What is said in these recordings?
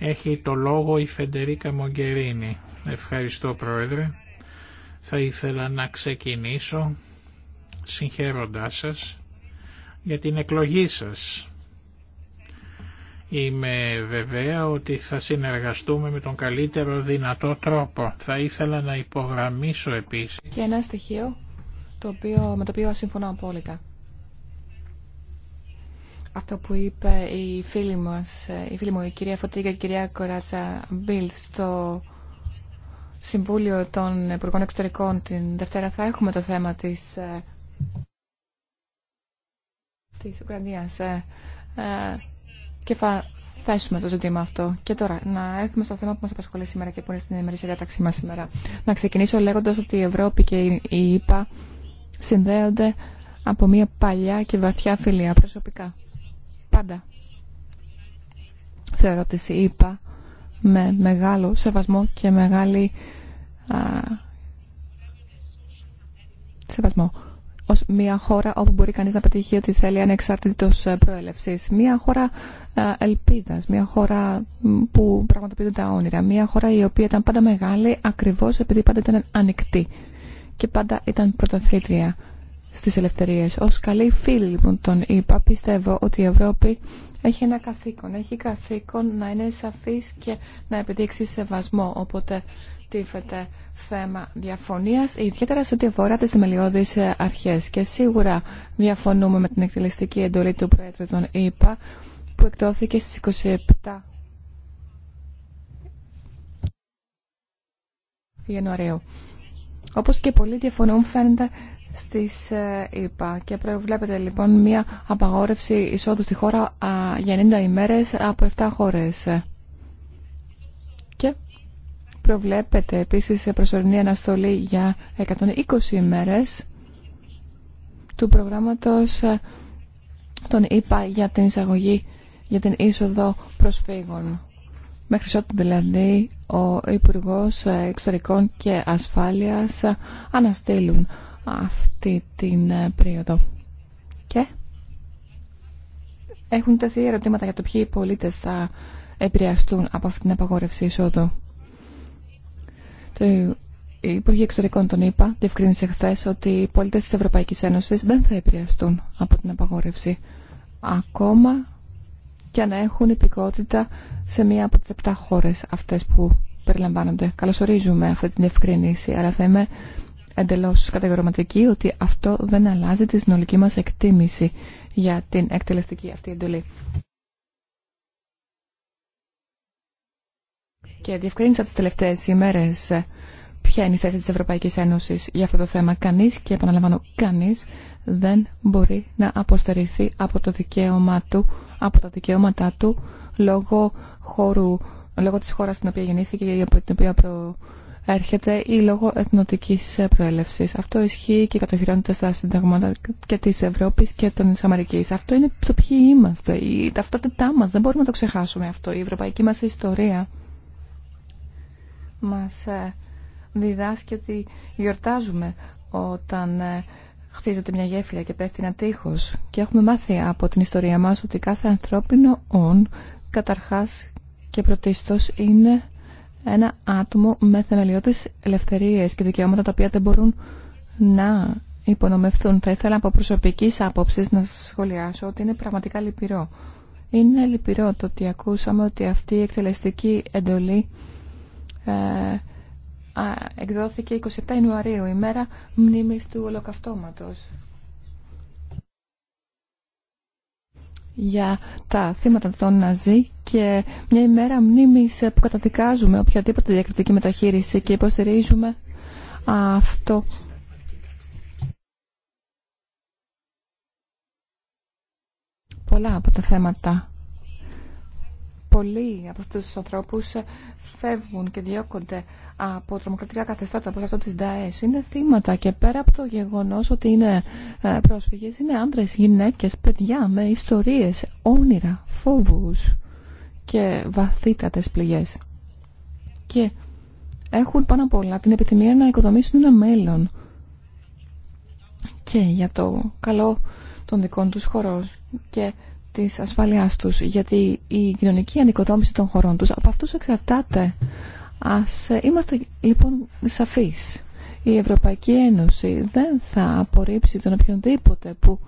Έχει το λόγο η Φεντερίκα Μογκερίνη. Ευχαριστώ Πρόεδρε. Θα ήθελα να ξεκινήσω συγχαίροντάς σας για την εκλογή σας. Είμαι βεβαία ότι θα συνεργαστούμε με τον καλύτερο δυνατό τρόπο. Θα ήθελα να υπογραμμίσω επίσης. Και ένα στοιχείο το οποίο, με το οποίο συμφωνώ απόλυτα αυτό που είπε η φίλη μας, ε, η φίλη μου, η κυρία Φωτήγα, και η κυρία Κοράτσα Μπίλ στο Συμβούλιο των Υπουργών Εξωτερικών την Δευτέρα θα έχουμε το θέμα της, ε, της Ουκρανίας ε, και θα θέσουμε το ζήτημα αυτό. Και τώρα να έρθουμε στο θέμα που μας απασχολεί σήμερα και που είναι στην ημερήσια διάταξή μας σήμερα. Να ξεκινήσω λέγοντας ότι η Ευρώπη και η ΕΠΑ ΕΕ συνδέονται από μια παλιά και βαθιά φιλία προσωπικά πάντα. Θεωρώ ότι είπα με μεγάλο σεβασμό και μεγάλη σεβασμό ως μια χώρα όπου μπορεί κανείς να πετύχει ότι θέλει ανεξάρτητος ε, προέλευσης. Μια χώρα ελπίδας, μια χώρα που πραγματοποιούνται τα όνειρα, μια χώρα η οποία ήταν πάντα μεγάλη ακριβώς επειδή πάντα ήταν ανοιχτή και πάντα ήταν πρωταθλήτρια στις ελευθερίες. Ως καλή φίλη λοιπόν τον είπα, πιστεύω ότι η Ευρώπη έχει ένα καθήκον. Έχει καθήκον να είναι σαφής και να επιδείξει σεβασμό. Οπότε τίθεται θέμα διαφωνίας, ιδιαίτερα σε ό,τι αφορά τις θεμελιώδεις ε, αρχές. Και σίγουρα διαφωνούμε με την εκτελεστική εντολή του Πρόεδρου των ΗΠΑ που εκδόθηκε στις 27 Ιανουαρίου. Όπως και πολλοί διαφωνούν φαίνεται στις ΕΠΑ και προβλέπετε λοιπόν μια απαγόρευση εισόδου στη χώρα για 90 ημέρες από 7 χώρες. Και προβλέπεται επίσης προσωρινή αναστολή για 120 ημέρες του προγράμματος ε, των ΕΠΑ για την εισαγωγή για την είσοδο προσφύγων. Μέχρι ότου δηλαδή ο Υπουργός Εξωτερικών και Ασφάλειας αναστήλουν αυτή την ε, περίοδο. Και έχουν τεθεί ερωτήματα για το ποιοι πολίτες θα επηρεαστούν από αυτή την απαγόρευση εισόδου. Το Υπουργείο Εξωτερικών τον είπα, διευκρίνησε χθε ότι οι πολίτες της Ευρωπαϊκής Ένωσης δεν θα επηρεαστούν από την απαγόρευση. Ακόμα και να έχουν υπηκότητα σε μία από τις επτά χώρες αυτές που περιλαμβάνονται. Καλωσορίζουμε αυτή την ευκρίνηση, αλλά θα είμαι εντελώς κατηγορηματική ότι αυτό δεν αλλάζει τη συνολική μας εκτίμηση για την εκτελεστική αυτή εντολή. Και διευκρίνησα τις τελευταίες ημέρες ποια είναι η θέση της Ευρωπαϊκής Ένωσης για αυτό το θέμα. Κανείς, και επαναλαμβάνω κανείς, δεν μπορεί να αποστερηθεί από, το δικαίωμα του, από τα δικαιώματά του λόγω χώρου λόγω της χώρας στην οποία γεννήθηκε ή από την οποία προ έρχεται ή λόγω εθνοτική ε, προέλευση. Αυτό ισχύει και κατοχυρώνεται στα συνταγματα και τη Ευρώπης και των Αμερική. Αυτό είναι το ποιοι είμαστε, η ταυτότητά μας. Δεν μπορούμε να το ξεχάσουμε αυτό. Η ευρωπαϊκή μας ιστορία μας ε, διδάσκει ότι γιορτάζουμε όταν ε, χτίζεται μια γέφυρα και πέφτει ένα τείχο. και έχουμε μάθει από την ιστορία μα ότι κάθε ανθρώπινο όν καταρχά και πρωτίστω είναι ένα άτομο με θεμελιώδεις ελευθερίες και δικαιώματα τα οποία δεν μπορούν να υπονομευθούν. Θα ήθελα από προσωπικής άποψης να σας σχολιάσω ότι είναι πραγματικά λυπηρό. Είναι λυπηρό το ότι ακούσαμε ότι αυτή η εκτελεστική εντολή ε, εκδόθηκε 27 Ιανουαρίου, ημέρα μνήμης του ολοκαυτώματος. για τα θύματα των Ναζί και μια ημέρα μνήμης που καταδικάζουμε οποιαδήποτε διακριτική μεταχείριση και υποστηρίζουμε αυτό. Πολλά από τα θέματα πολλοί από αυτούς τους ανθρώπους ε, φεύγουν και διώκονται από τρομοκρατικά καθεστώτα από αυτό της ΔΑΕΣ. Είναι θύματα και πέρα από το γεγονός ότι είναι ε, πρόσφυγες, είναι άνδρες, γυναίκες, παιδιά με ιστορίες, όνειρα, φόβους και βαθύτατες πληγές. Και έχουν πάνω απ' όλα την επιθυμία να οικοδομήσουν ένα μέλλον και για το καλό των δικών τους χωρών και της ασφάλειάς τους, γιατί η κοινωνική ανοικοδόμηση των χωρών τους από αυτούς εξαρτάται. Ας ε, είμαστε λοιπόν σαφείς. Η Ευρωπαϊκή Ένωση δεν θα απορρίψει τον οποιονδήποτε που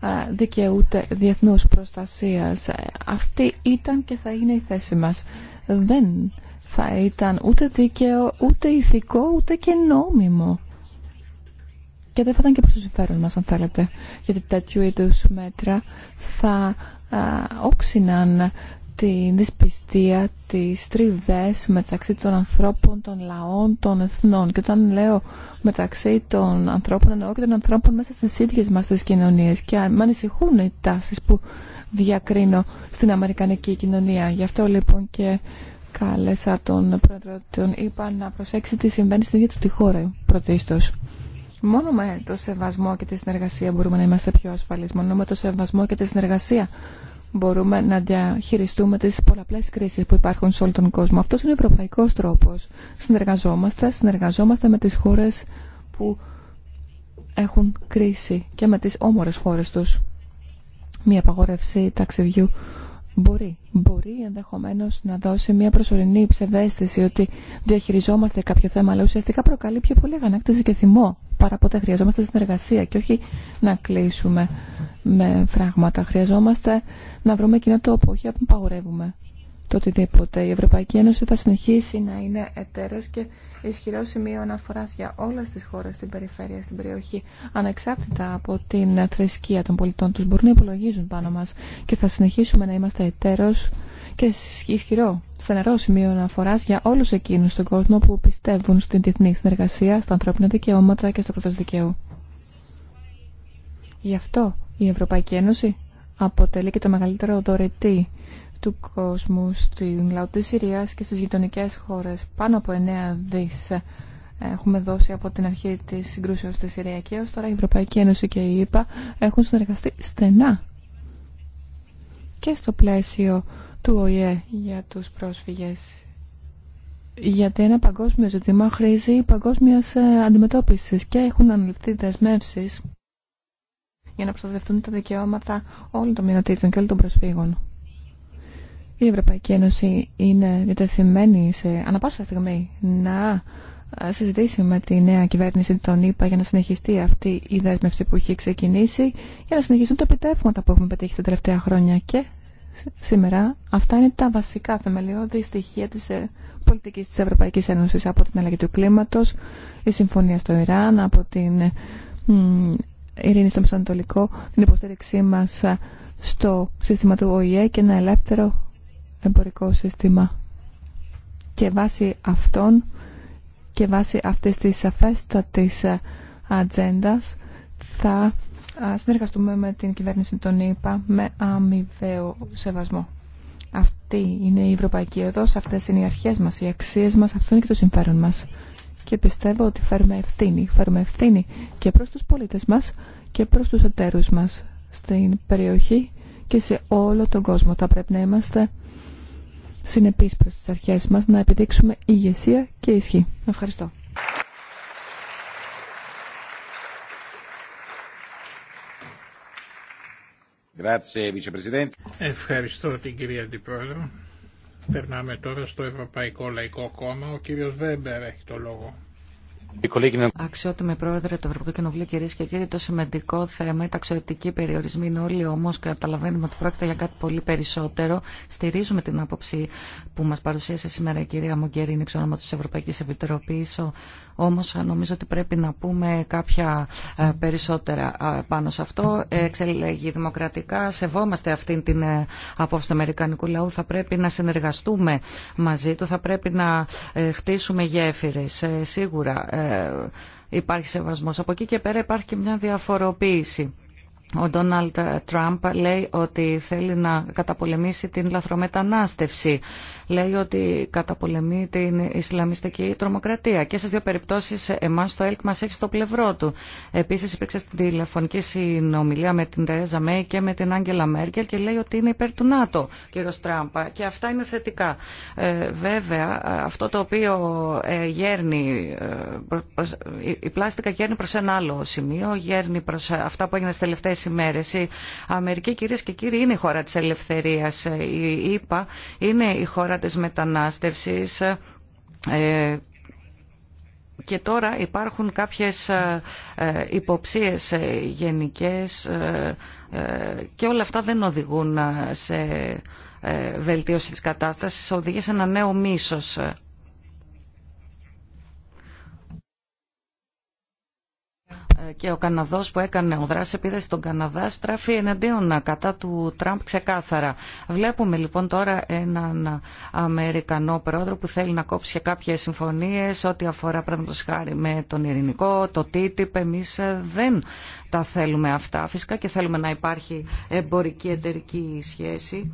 ε, δικαιούται διεθνούς προστασίας. Ε, αυτή ήταν και θα είναι η θέση μας. Δεν θα ήταν ούτε δίκαιο, ούτε ηθικό, ούτε και νόμιμο και δεν θα ήταν και προς το συμφέρον μας αν θέλετε γιατί τέτοιου είδου μέτρα θα α, όξιναν την δυσπιστία, τις τριβές μεταξύ των ανθρώπων, των λαών, των εθνών. Και όταν λέω μεταξύ των ανθρώπων, εννοώ και των ανθρώπων μέσα στις ίδιες μας τις κοινωνίες. Και αν με ανησυχούν οι τάσεις που διακρίνω στην Αμερικανική κοινωνία. Γι' αυτό λοιπόν και κάλεσα τον πρόεδρο τον είπα να προσέξει τι συμβαίνει στην ίδια του τη χώρα πρωτίστως. Μόνο με το σεβασμό και τη συνεργασία μπορούμε να είμαστε πιο ασφαλείς. Μόνο με το σεβασμό και τη συνεργασία μπορούμε να διαχειριστούμε τις πολλαπλές κρίσεις που υπάρχουν σε όλο τον κόσμο. Αυτός είναι ο ευρωπαϊκός τρόπος. Συνεργαζόμαστε, συνεργαζόμαστε με τις χώρες που έχουν κρίση και με τις όμορες χώρες τους. Μία απαγόρευση ταξιδιού Μπορεί, μπορεί ενδεχομένως να δώσει μια προσωρινή ψευδέστηση ότι διαχειριζόμαστε κάποιο θέμα, αλλά ουσιαστικά προκαλεί πιο πολύ αγανάκτηση και θυμό παρά ποτέ. Χρειαζόμαστε συνεργασία και όχι να κλείσουμε με φράγματα. Χρειαζόμαστε να βρούμε κοινό τόπο, όχι που απαγορεύουμε το οτιδήποτε. Η Ευρωπαϊκή Ένωση θα συνεχίσει να είναι εταίρος και ισχυρό σημείο αναφοράς για όλες τις χώρες στην περιφέρεια, στην περιοχή, ανεξάρτητα από την θρησκεία των πολιτών του Μπορούν να υπολογίζουν πάνω μας και θα συνεχίσουμε να είμαστε εταίρος και ισχυρό, στενερό σημείο αναφορά για όλου εκείνου στον κόσμο που πιστεύουν στην διεθνή συνεργασία, στα ανθρώπινα δικαιώματα και στο κράτος δικαίου. Γι' αυτό η Ευρωπαϊκή Ένωση αποτελεί και το μεγαλύτερο δωρετή του κόσμου στην λαό της Συρίας και στις γειτονικές χώρες. Πάνω από 9 δις έχουμε δώσει από την αρχή της συγκρούσεως στη Συρία και έως τώρα η Ευρωπαϊκή Ένωση και η ΕΠΑ έχουν συνεργαστεί στενά και στο πλαίσιο του ΟΗΕ για τους πρόσφυγες. Γιατί ένα παγκόσμιο ζήτημα χρήζει παγκόσμια ε, αντιμετώπιση και έχουν αναλυθεί δεσμεύσει για να προστατευτούν τα δικαιώματα όλων των μειονοτήτων και όλων των προσφύγων η Ευρωπαϊκή Ένωση είναι διατεθειμένη σε ανα στιγμή να ε, συζητήσει με τη νέα κυβέρνηση των ΗΠΑ για να συνεχιστεί αυτή η δέσμευση που έχει ξεκινήσει για να συνεχιστούν τα επιτεύγματα που έχουμε πετύχει τα τελευταία χρόνια και σήμερα αυτά είναι τα βασικά θεμελιώδη στοιχεία τη ε, πολιτική τη Ευρωπαϊκή Ένωση, από την αλλαγή του κλίματο, η συμφωνία στο Ιράν, από την ειρήνη στο Μεσανατολικό, την υποστήριξή μα ε, στο σύστημα του ΟΗΕ και ένα ελεύθερο εμπορικό σύστημα. Και βάσει αυτών και βάσει αυτής της σαφέστατης ε, ατζέντα θα ε, συνεργαστούμε με την κυβέρνηση των ΗΠΑ με αμοιβαίο σεβασμό. Αυτή είναι η ευρωπαϊκή οδός, αυτές είναι οι αρχές μας, οι αξίες μας, αυτό είναι και το συμφέρον μας. Και πιστεύω ότι φέρουμε ευθύνη, φέρουμε ευθύνη και προς τους πολίτες μας και προς τους εταίρους μας στην περιοχή και σε όλο τον κόσμο. Θα πρέπει να είμαστε συνεπείς προς τις αρχές μας να επιδείξουμε ηγεσία και ισχύ. Ευχαριστώ. Ευχαριστώ την κυρία Αντιπρόεδρο. Περνάμε τώρα στο Ευρωπαϊκό Λαϊκό Κόμμα. Ο κύριος Βέμπερ έχει το λόγο. Αξιότιμη πρόεδρε του Ευρωπαϊκού Κοινοβουλίου, κυρίε και κύριοι, το σημαντικό θέμα, οι ταξιδιωτικοί περιορισμοί είναι όλοι όμω και καταλαβαίνουμε ότι πρόκειται για κάτι πολύ περισσότερο. Στηρίζουμε την άποψη που μα παρουσίασε σήμερα η κυρία Μογκερίνη, εξ ονόματο τη Ευρωπαϊκή Επιτροπή. Όμω νομίζω ότι πρέπει να πούμε κάποια ε, περισσότερα ε, πάνω σε αυτό. Εξελέγει δημοκρατικά, σεβόμαστε αυτή την ε, απόψη του Αμερικανικού λαού. Θα πρέπει να συνεργαστούμε μαζί του, θα πρέπει να χτίσουμε γέφυρε. Σίγουρα υπάρχει σεβασμός. Από εκεί και πέρα υπάρχει και μια διαφοροποίηση ο Ντόναλτ Τραμπ λέει ότι θέλει να καταπολεμήσει την λαθρομετανάστευση. Λέει ότι καταπολεμεί την Ισλαμιστική τρομοκρατία. Και στις δύο περιπτώσεις εμάς το ΕΛΚ μας έχει στο πλευρό του. Επίσης υπήρξε στην τηλεφωνική συνομιλία με την Τερέζα Μέη και με την Άγγελα Μέρκελ και λέει ότι είναι υπέρ του ΝΑΤΟ, κύριο Τραμπ. Και αυτά είναι θετικά. Ε, βέβαια, αυτό το οποίο ε, γέρνει, ε, η πλάστικα γέρνει προς ένα άλλο σημείο, γέρνει προς ε, αυτά που έγινε στις τελευταίες τελευταίες Η Αμερική, κυρίες και κύριοι, είναι η χώρα της ελευθερίας. Η ΕΠΑ είναι η χώρα της μετανάστευσης ε, και τώρα υπάρχουν κάποιες ε, υποψίες ε, γενικές και όλα αυτά δεν οδηγούν σε βελτίωση της κατάστασης, οδηγεί σε ένα νέο μίσος. και ο Καναδός που έκανε ο δράση επίδεση στον Καναδά στράφει εναντίον κατά του Τραμπ ξεκάθαρα. Βλέπουμε λοιπόν τώρα έναν Αμερικανό πρόεδρο που θέλει να κόψει και κάποιες συμφωνίες ό,τι αφορά το χάρη με τον Ειρηνικό, το TTIP. Εμεί ε, δεν τα θέλουμε αυτά φυσικά και θέλουμε να υπάρχει εμπορική εταιρική σχέση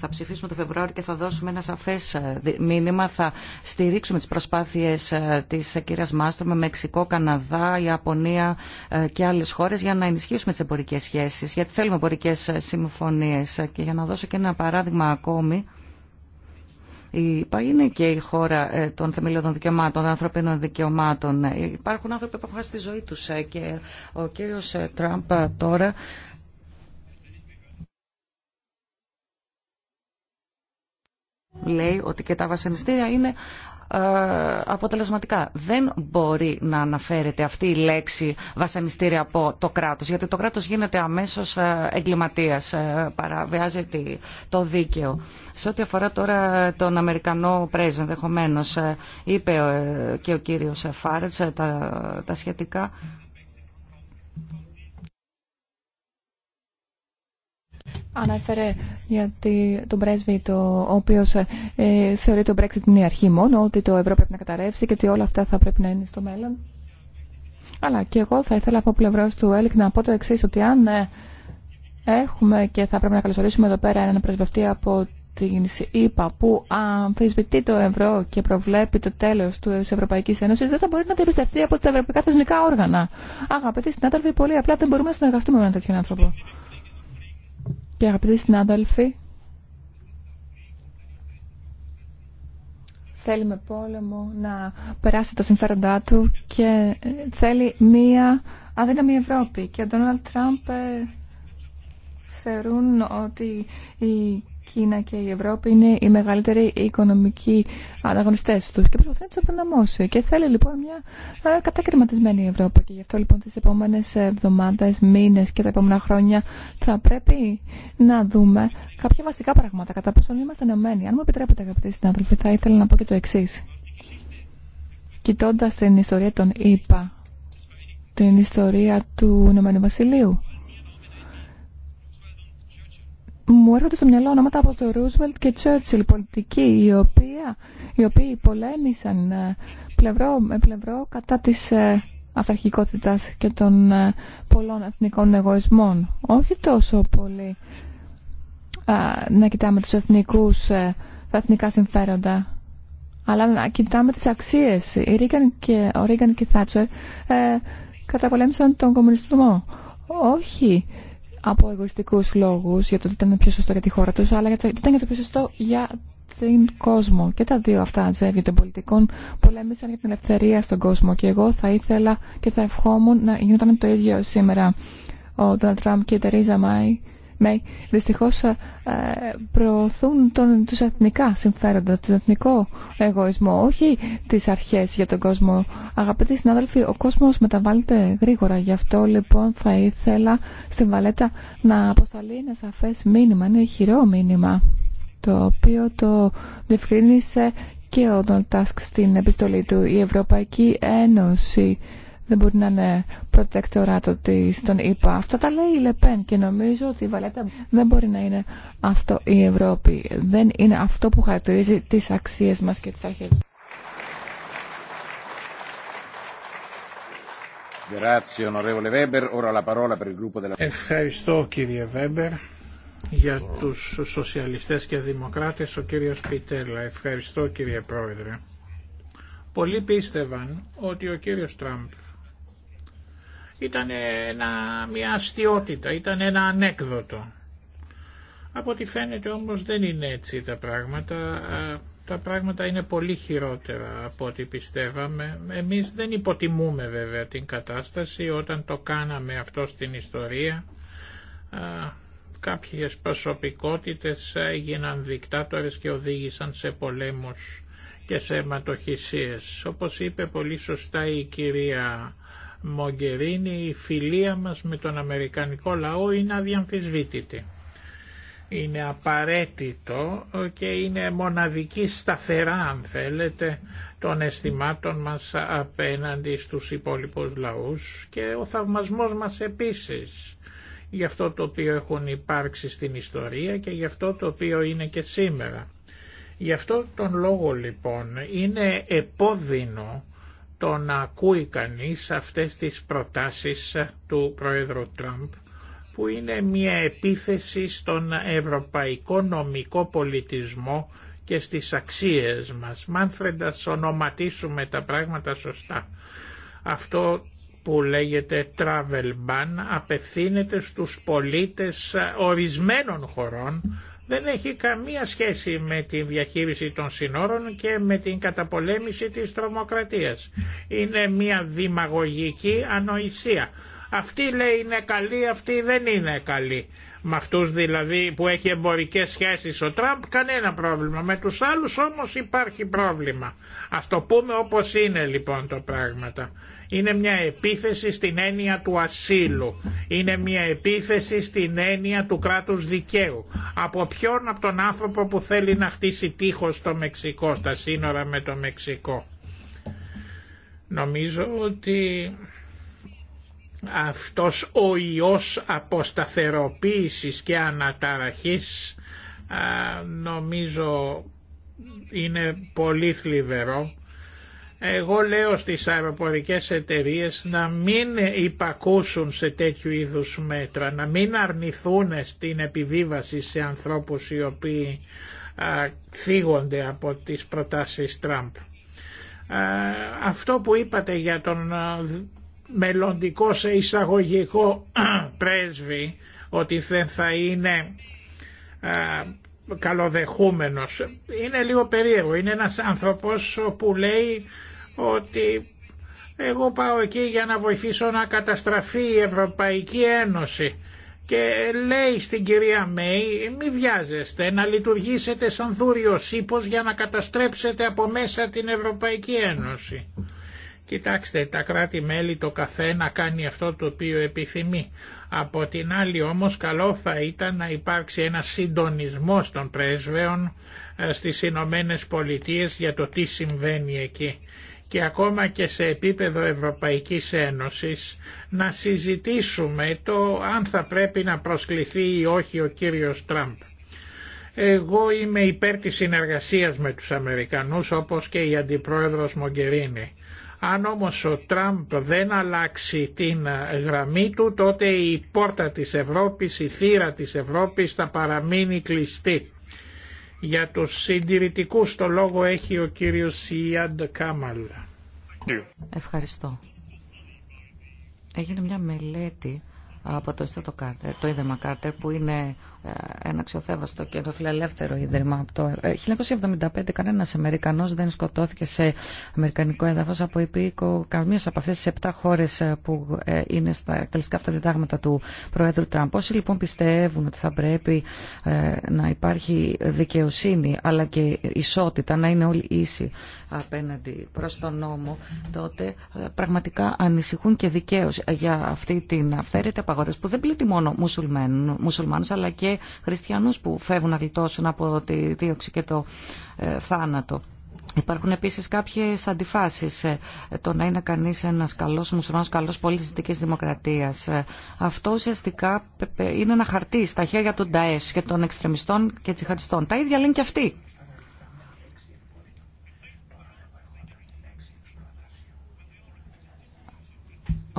θα ψηφίσουμε το Φεβρουάριο και θα δώσουμε ένα σαφές ε, μήνυμα. Θα στηρίξουμε τις προσπάθειες ε, της κύρια Μάστρο με Μεξικό, Καναδά, Ιαπωνία ε, και άλλες χώρες για να ενισχύσουμε τις εμπορικέ σχέσεις, γιατί θέλουμε εμπορικέ συμφωνίες. Και για να δώσω και ένα παράδειγμα ακόμη, η ΠΑ είναι και η χώρα των θεμελιωδών δικαιωμάτων, των ανθρωπίνων δικαιωμάτων. Υπάρχουν άνθρωποι που έχουν χάσει τη ζωή τους και ο κύριος Τραμπ τώρα λέει ότι και τα βασανιστήρια είναι ε, αποτελεσματικά. Δεν μπορεί να αναφέρεται αυτή η λέξη βασανιστήρια από το κράτος, γιατί το κράτος γίνεται αμέσως ε, εγκληματίας, ε, παραβιάζεται το δίκαιο. Σε ό,τι αφορά τώρα τον Αμερικανό πρέσβη, ενδεχομένω, είπε και ο κύριος Φάρετς τα, τα σχετικά Ανέφερε γιατί τον πρέσβη, το οποίο ε, θεωρεί το Brexit είναι η αρχή μόνο, ότι το ευρώ πρέπει να καταρρεύσει και ότι όλα αυτά θα πρέπει να είναι στο μέλλον. Αλλά και εγώ θα ήθελα από πλευρά του ΕΛΚ να πω το εξή, ότι αν ε, έχουμε και θα πρέπει να καλωσορίσουμε εδώ πέρα έναν πρεσβευτή από την ΕΠΑ που αμφισβητεί το ευρώ και προβλέπει το τέλο τη Ευρωπαϊκή Ένωση, δεν θα μπορεί να διαπιστευτεί από τα ευρωπαϊκά θεσμικά όργανα. Αγαπητοί συνάδελφοι, πολύ απλά δεν μπορούμε να συνεργαστούμε με έναν τέτοιον άνθρωπο και αγαπητοί συνάδελφοι, θέλει με πόλεμο να περάσει τα συμφέροντά του και ε, θέλει μία αδύναμη Ευρώπη. Και ο Ντόναλτ Τραμπ ε, θεωρούν ότι Κίνα και η Ευρώπη είναι οι μεγαλύτεροι οικονομικοί ανταγωνιστέ του και προσπαθεί να του αποδυναμώσει. Και θέλει λοιπόν μια ε, κατακριματισμένη Ευρώπη. Και γι' αυτό λοιπόν τι επόμενε εβδομάδε, μήνε και τα επόμενα χρόνια θα πρέπει να δούμε κάποια βασικά πράγματα. Κατά πόσο είμαστε ενωμένοι. Αν μου επιτρέπετε, αγαπητοί συνάδελφοι, θα ήθελα να πω και το εξή. Κοιτώντα την ιστορία των ΗΠΑ, την ιστορία του Ηνωμένου Βασιλείου, μου έρχονται στο μυαλό ονόματα από το Ρούσβελτ και Τσέρτσιλ, πολιτικοί, οι, οποία, οι οποίοι πολέμησαν ε, πλευρό με πλευρό κατά της ε, αυταρχικότητας και των ε, πολλών εθνικών εγωισμών. Όχι τόσο πολύ α, να κοιτάμε τους εθνικούς, τα εθνικά συμφέροντα, αλλά να κοιτάμε τις αξίες. Ο Ρίγαν και, ο Ρίγκαν και η Θάτσερ ε, καταπολέμησαν τον κομμουνισμό. Όχι από εγωιστικούς λόγους για το ότι ήταν πιο σωστό για τη χώρα τους, αλλά γιατί ήταν το πιο σωστό για την κόσμο. Και τα δύο αυτά τζεύγια των πολιτικών πολέμησαν για την ελευθερία στον κόσμο. Και εγώ θα ήθελα και θα ευχόμουν να γινόταν το ίδιο σήμερα. Ο Ντόναλτ Τραμπ και η Τερίζα Μάη με, δυστυχώς ε, ε, προωθούν τον, τους εθνικά συμφέροντα, τον εθνικό εγωισμό, όχι τις αρχές για τον κόσμο. Αγαπητοί συνάδελφοι, ο κόσμος μεταβάλλεται γρήγορα, γι' αυτό λοιπόν θα ήθελα στην Βαλέτα να αποσταλεί ένα σαφές μήνυμα, ένα χειρό μήνυμα, το οποίο το διευκρίνησε και ο Ντόναλτ Τάσκ στην επιστολή του. Η Ευρωπαϊκή Ένωση δεν μπορεί να είναι προτεκτοράτο των είπα Αυτά τα λέει η Λεπέν και νομίζω ότι η Βαλέτα δεν μπορεί να είναι αυτό η Ευρώπη. Δεν είναι αυτό που χαρακτηρίζει τι αξίε μα και τι αρχέ. μα. Ευχαριστώ κύριε Βέμπερ για τους σοσιαλιστές και δημοκράτες ο κύριος Πιτέλα. Ευχαριστώ κύριε Πρόεδρε. Πολλοί πίστευαν ότι ο κύριος Τραμπ ήταν μια αστιότητα, ήταν ένα ανέκδοτο. Από ό,τι φαίνεται όμως δεν είναι έτσι τα πράγματα. Τα πράγματα είναι πολύ χειρότερα από ό,τι πιστεύαμε. Εμείς δεν υποτιμούμε βέβαια την κατάσταση όταν το κάναμε αυτό στην ιστορία. Κάποιες προσωπικότητες έγιναν δικτάτορες και οδήγησαν σε πολέμους και σε αιματοχυσίες. Όπως είπε πολύ σωστά η κυρία Μογκερίνη η φιλία μας με τον Αμερικανικό λαό είναι αδιαμφισβήτητη. Είναι απαραίτητο και είναι μοναδική σταθερά αν θέλετε των αισθημάτων μας απέναντι στους υπόλοιπους λαούς και ο θαυμασμός μας επίσης για αυτό το οποίο έχουν υπάρξει στην ιστορία και για αυτό το οποίο είναι και σήμερα. Γι' αυτό τον λόγο λοιπόν είναι επώδυνο το να ακούει κανείς αυτές τις προτάσεις του Πρόεδρου Τραμπ που είναι μια επίθεση στον ευρωπαϊκό νομικό πολιτισμό και στις αξίες μας. Μάνφρεντα ονοματίσουμε τα πράγματα σωστά. Αυτό που λέγεται travel ban απευθύνεται στους πολίτες ορισμένων χωρών δεν έχει καμία σχέση με τη διαχείριση των συνόρων και με την καταπολέμηση της τρομοκρατίας. Είναι μια δημαγωγική ανοησία. Αυτή λέει είναι καλή, αυτή δεν είναι καλή. Με αυτού δηλαδή που έχει εμπορικές σχέσεις ο Τραμπ κανένα πρόβλημα. Με τους άλλους όμως υπάρχει πρόβλημα. Ας το πούμε όπως είναι λοιπόν τα πράγματα. Είναι μια επίθεση στην έννοια του ασύλου. Είναι μια επίθεση στην έννοια του κράτους δικαίου. Από ποιον, από τον άνθρωπο που θέλει να χτίσει τείχος στο Μεξικό, στα σύνορα με το Μεξικό. Νομίζω ότι αυτός ο ιός αποσταθεροποίησης και αναταραχής νομίζω είναι πολύ θλιβερό εγώ λέω στις αεροπορικές εταιρείες να μην υπακούσουν σε τέτοιου είδους μέτρα, να μην αρνηθούν στην επιβίβαση σε ανθρώπους οι οποίοι φύγονται από τις προτάσεις Τραμπ. Αυτό που είπατε για τον μελλοντικό σε εισαγωγικό πρέσβη ότι δεν θα είναι καλοδεχούμενος. Είναι λίγο περίεργο. Είναι ένας άνθρωπος που λέει ότι εγώ πάω εκεί για να βοηθήσω να καταστραφεί η Ευρωπαϊκή Ένωση και λέει στην κυρία Μέη μη βιάζεστε να λειτουργήσετε σαν δούριο ύπος για να καταστρέψετε από μέσα την Ευρωπαϊκή Ένωση. Κοιτάξτε, τα κράτη-μέλη το καθένα κάνει αυτό το οποίο επιθυμεί. Από την άλλη όμως καλό θα ήταν να υπάρξει ένα συντονισμό των πρέσβεων ε, στις Ηνωμένε Πολιτείες για το τι συμβαίνει εκεί και ακόμα και σε επίπεδο Ευρωπαϊκής Ένωσης να συζητήσουμε το αν θα πρέπει να προσκληθεί ή όχι ο κύριος Τραμπ. Εγώ είμαι υπέρ της συνεργασίας με τους Αμερικανούς όπως και η Αντιπρόεδρος Μογκερίνη. Αν όμως ο Τραμπ δεν αλλάξει την γραμμή του τότε η πόρτα της Ευρώπης, η θύρα της Ευρώπης θα παραμείνει κλειστή για του συντηρητικού το λόγο έχει ο κύριος Σιάντ Κάμαλ. Ευχαριστώ. Έγινε μια μελέτη από το Ιστότο το Ίδρυμα Κάρτερ, που είναι ένα αξιοθέβαστο και το φιλελεύθερο ίδρυμα από το 1975 ε, κανένας Αμερικανός δεν σκοτώθηκε σε αμερικανικό έδαφος από υπήκο καμίας από αυτές τις 7 χώρες ε, που ε, είναι στα εκτελεστικά αυτά διδάγματα του Προέδρου Τραμπ. Όσοι λοιπόν πιστεύουν ότι θα πρέπει να υπάρχει δικαιοσύνη αλλά και ισότητα, να είναι όλοι ίσοι απέναντι προς τον νόμο, τότε πραγματικά ανησυχούν και δικαίως για αυτή την αυθαίρετη απαγόρευση που δεν πλήττει μόνο μουσουλμάνους αλλά και και χριστιανούς που φεύγουν να γλιτώσουν από τη δίωξη και το ε, θάνατο. Υπάρχουν επίσης κάποιες αντιφάσεις ε, το να είναι κανείς ένας καλός μουσουλμάνος, καλός πολίτης δημοκρατίας. Ε, αυτό ουσιαστικά είναι ένα χαρτί στα χέρια των ΤΑΕΣ και των εξτρεμιστών και τσιχαντιστών. Τα ίδια λένε και αυτοί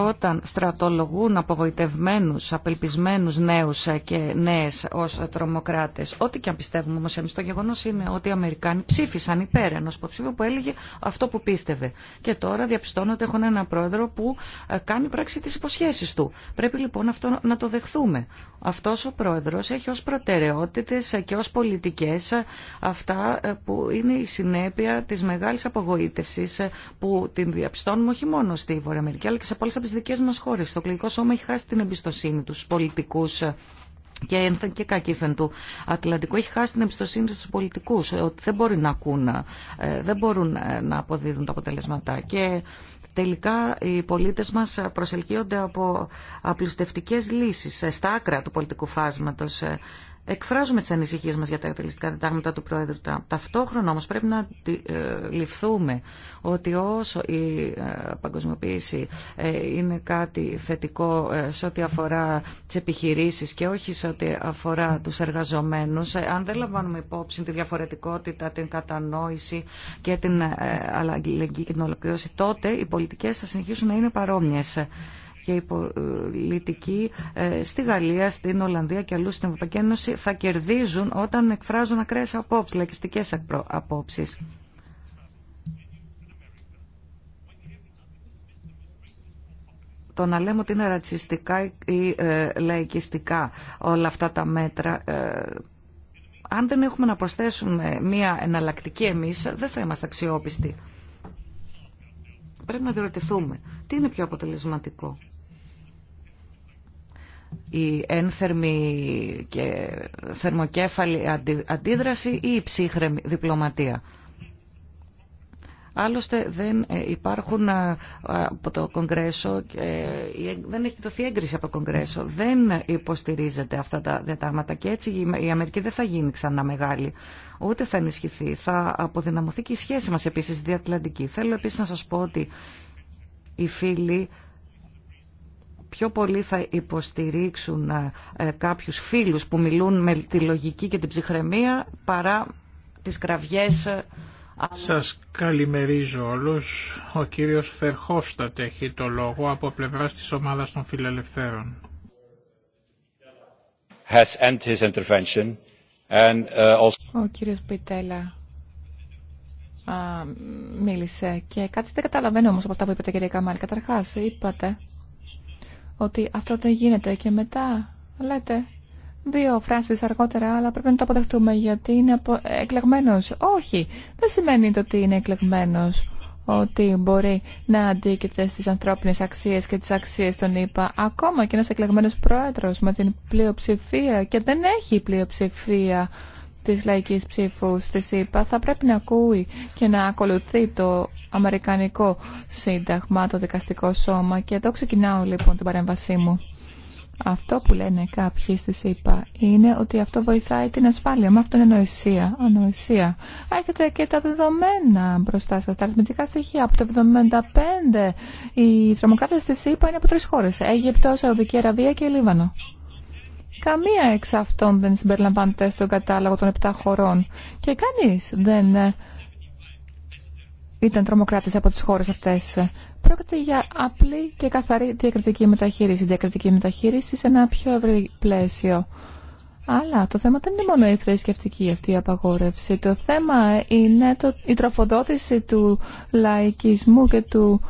όταν στρατολογούν απογοητευμένους, απελπισμένους νέους και νέες ως τρομοκράτες. Ό,τι και αν πιστεύουμε όμως εμείς, το γεγονός είναι ότι οι Αμερικάνοι ψήφισαν υπέρ ενός υποψήφιου που έλεγε αυτό που πίστευε. Και τώρα διαπιστώνω ότι έχουν ένα πρόεδρο που ε, κάνει πράξη τις υποσχέσεις του. Πρέπει λοιπόν αυτό να το δεχθούμε. Αυτός ο πρόεδρος έχει ως προτεραιότητες και ως πολιτικές αυτά ε, που είναι η συνέπεια της μεγάλης απογοήτευσης ε, που την διαπιστώνουμε όχι μόνο στη Βορειοαμερική αλλά και σε πολλές από δικέ δικές μας χώρες. Το κλινικό σώμα έχει χάσει την εμπιστοσύνη τους πολιτικούς και και κακήθεν του Ατλαντικού έχει χάσει την εμπιστοσύνη τους πολιτικούς ότι δεν μπορεί να ακούν, ε, δεν μπορούν ε, να αποδίδουν τα αποτελέσματα και τελικά οι πολίτες μας προσελκύονται από απλουστευτικές λύσεις ε, στα άκρα του πολιτικού φάσματος Εκφράζουμε τι ανησυχίε μα για τα εκτελεστικά διδάγματα του Πρόεδρου. Τραμπ. Ταυτόχρονα όμω, πρέπει να ε, ληφθούμε ότι όσο η ε, παγκοσμιοποίηση ε, είναι κάτι θετικό σε ό,τι αφορά τι επιχειρήσει και όχι σε ό,τι αφορά τους εργαζομένους, αν δεν λαμβάνουμε υπόψη τη διαφορετικότητα, την κατανόηση και την αλλαγή και την ολοκλήρωση, τότε οι πολιτικέ θα συνεχίσουν να είναι παρόμοιε και οι πολιτικοί ε, στη Γαλλία, στην Ολλανδία και αλλού στην Ευρωπαϊκή Ένωση θα κερδίζουν όταν εκφράζουν ακραίε απόψεις, λαϊκιστικές απόψει. το να λέμε ότι είναι ρατσιστικά ή ε, λαϊκιστικά όλα αυτά τα μέτρα, ε, αν δεν έχουμε να προσθέσουμε μία εναλλακτική εμείς, δεν θα είμαστε αξιόπιστοι. Πρέπει να διερωτηθούμε. Τι είναι πιο αποτελεσματικό η ένθερμη και θερμοκέφαλη αντίδραση ή η ψύχρεμη διπλωματία. Άλλωστε δεν ε, υπάρχουν ε, από το Κογκρέσο, ε, δεν έχει δοθεί έγκριση από το Κογκρέσο, δεν υποστηρίζεται αυτά τα διατάγματα και έτσι η Αμερική δεν θα γίνει ξανά μεγάλη, ούτε θα ενισχυθεί. Θα αποδυναμωθεί και η σχέση μας επίσης διατλαντική. Θέλω επίσης να σας πω ότι οι φίλοι πιο πολύ θα υποστηρίξουν ε, ε, κάποιους φίλους που μιλούν με τη λογική και την ψυχραιμία παρά τις κραυγές. Ε, Σας καλημερίζω όλους. Ο κύριος Φερχόφστατ έχει το λόγο από πλευράς της ομάδας των φιλελευθέρων. Has end his intervention and, uh, also... Ο κύριος Πιτέλα μίλησε και κάτι δεν καταλαβαίνω όμως από αυτά που είπατε κύριε Καμάλη. Καταρχάς είπατε ότι αυτό δεν γίνεται και μετά λέτε δύο φράσεις αργότερα αλλά πρέπει να το αποδεχτούμε γιατί είναι απο... εκλεγμένος. Όχι, δεν σημαίνει το ότι είναι εκλεγμένος ότι μπορεί να αντίκειται στις ανθρώπινες αξίες και τις αξίες των ΗΠΑ ακόμα και ένας εκλεγμένος πρόεδρος με την πλειοψηφία και δεν έχει πλειοψηφία τη λαϊκή ψήφου στη ΣΥΠΑ θα πρέπει να ακούει και να ακολουθεί το Αμερικανικό Σύνταγμα, το δικαστικό σώμα και εδώ ξεκινάω λοιπόν την παρέμβασή μου. Αυτό που λένε κάποιοι στη ΣΥΠΑ είναι ότι αυτό βοηθάει την ασφάλεια. Μα αυτό είναι νοησία ανοησία. Έχετε και τα δεδομένα μπροστά σα, τα αριθμητικά στοιχεία. Από το 1975 οι τρομοκράτε στη ΣΥΠΑ είναι από τρει χώρε. Αίγυπτο, Σαουδική Αραβία και Λίβανο. Καμία εξ αυτών δεν συμπεριλαμβάνεται στον κατάλογο των 7 χωρών. Και κανείς δεν ε, ήταν τρομοκράτης από τις χώρες αυτές. Πρόκειται για απλή και καθαρή διακριτική μεταχείριση. Διακριτική μεταχείριση σε ένα πιο ευρύ πλαίσιο. Αλλά το θέμα δεν είναι μόνο η θρησκευτική αυτή η απαγόρευση. Το θέμα είναι το, η τροφοδότηση του λαϊκισμού και του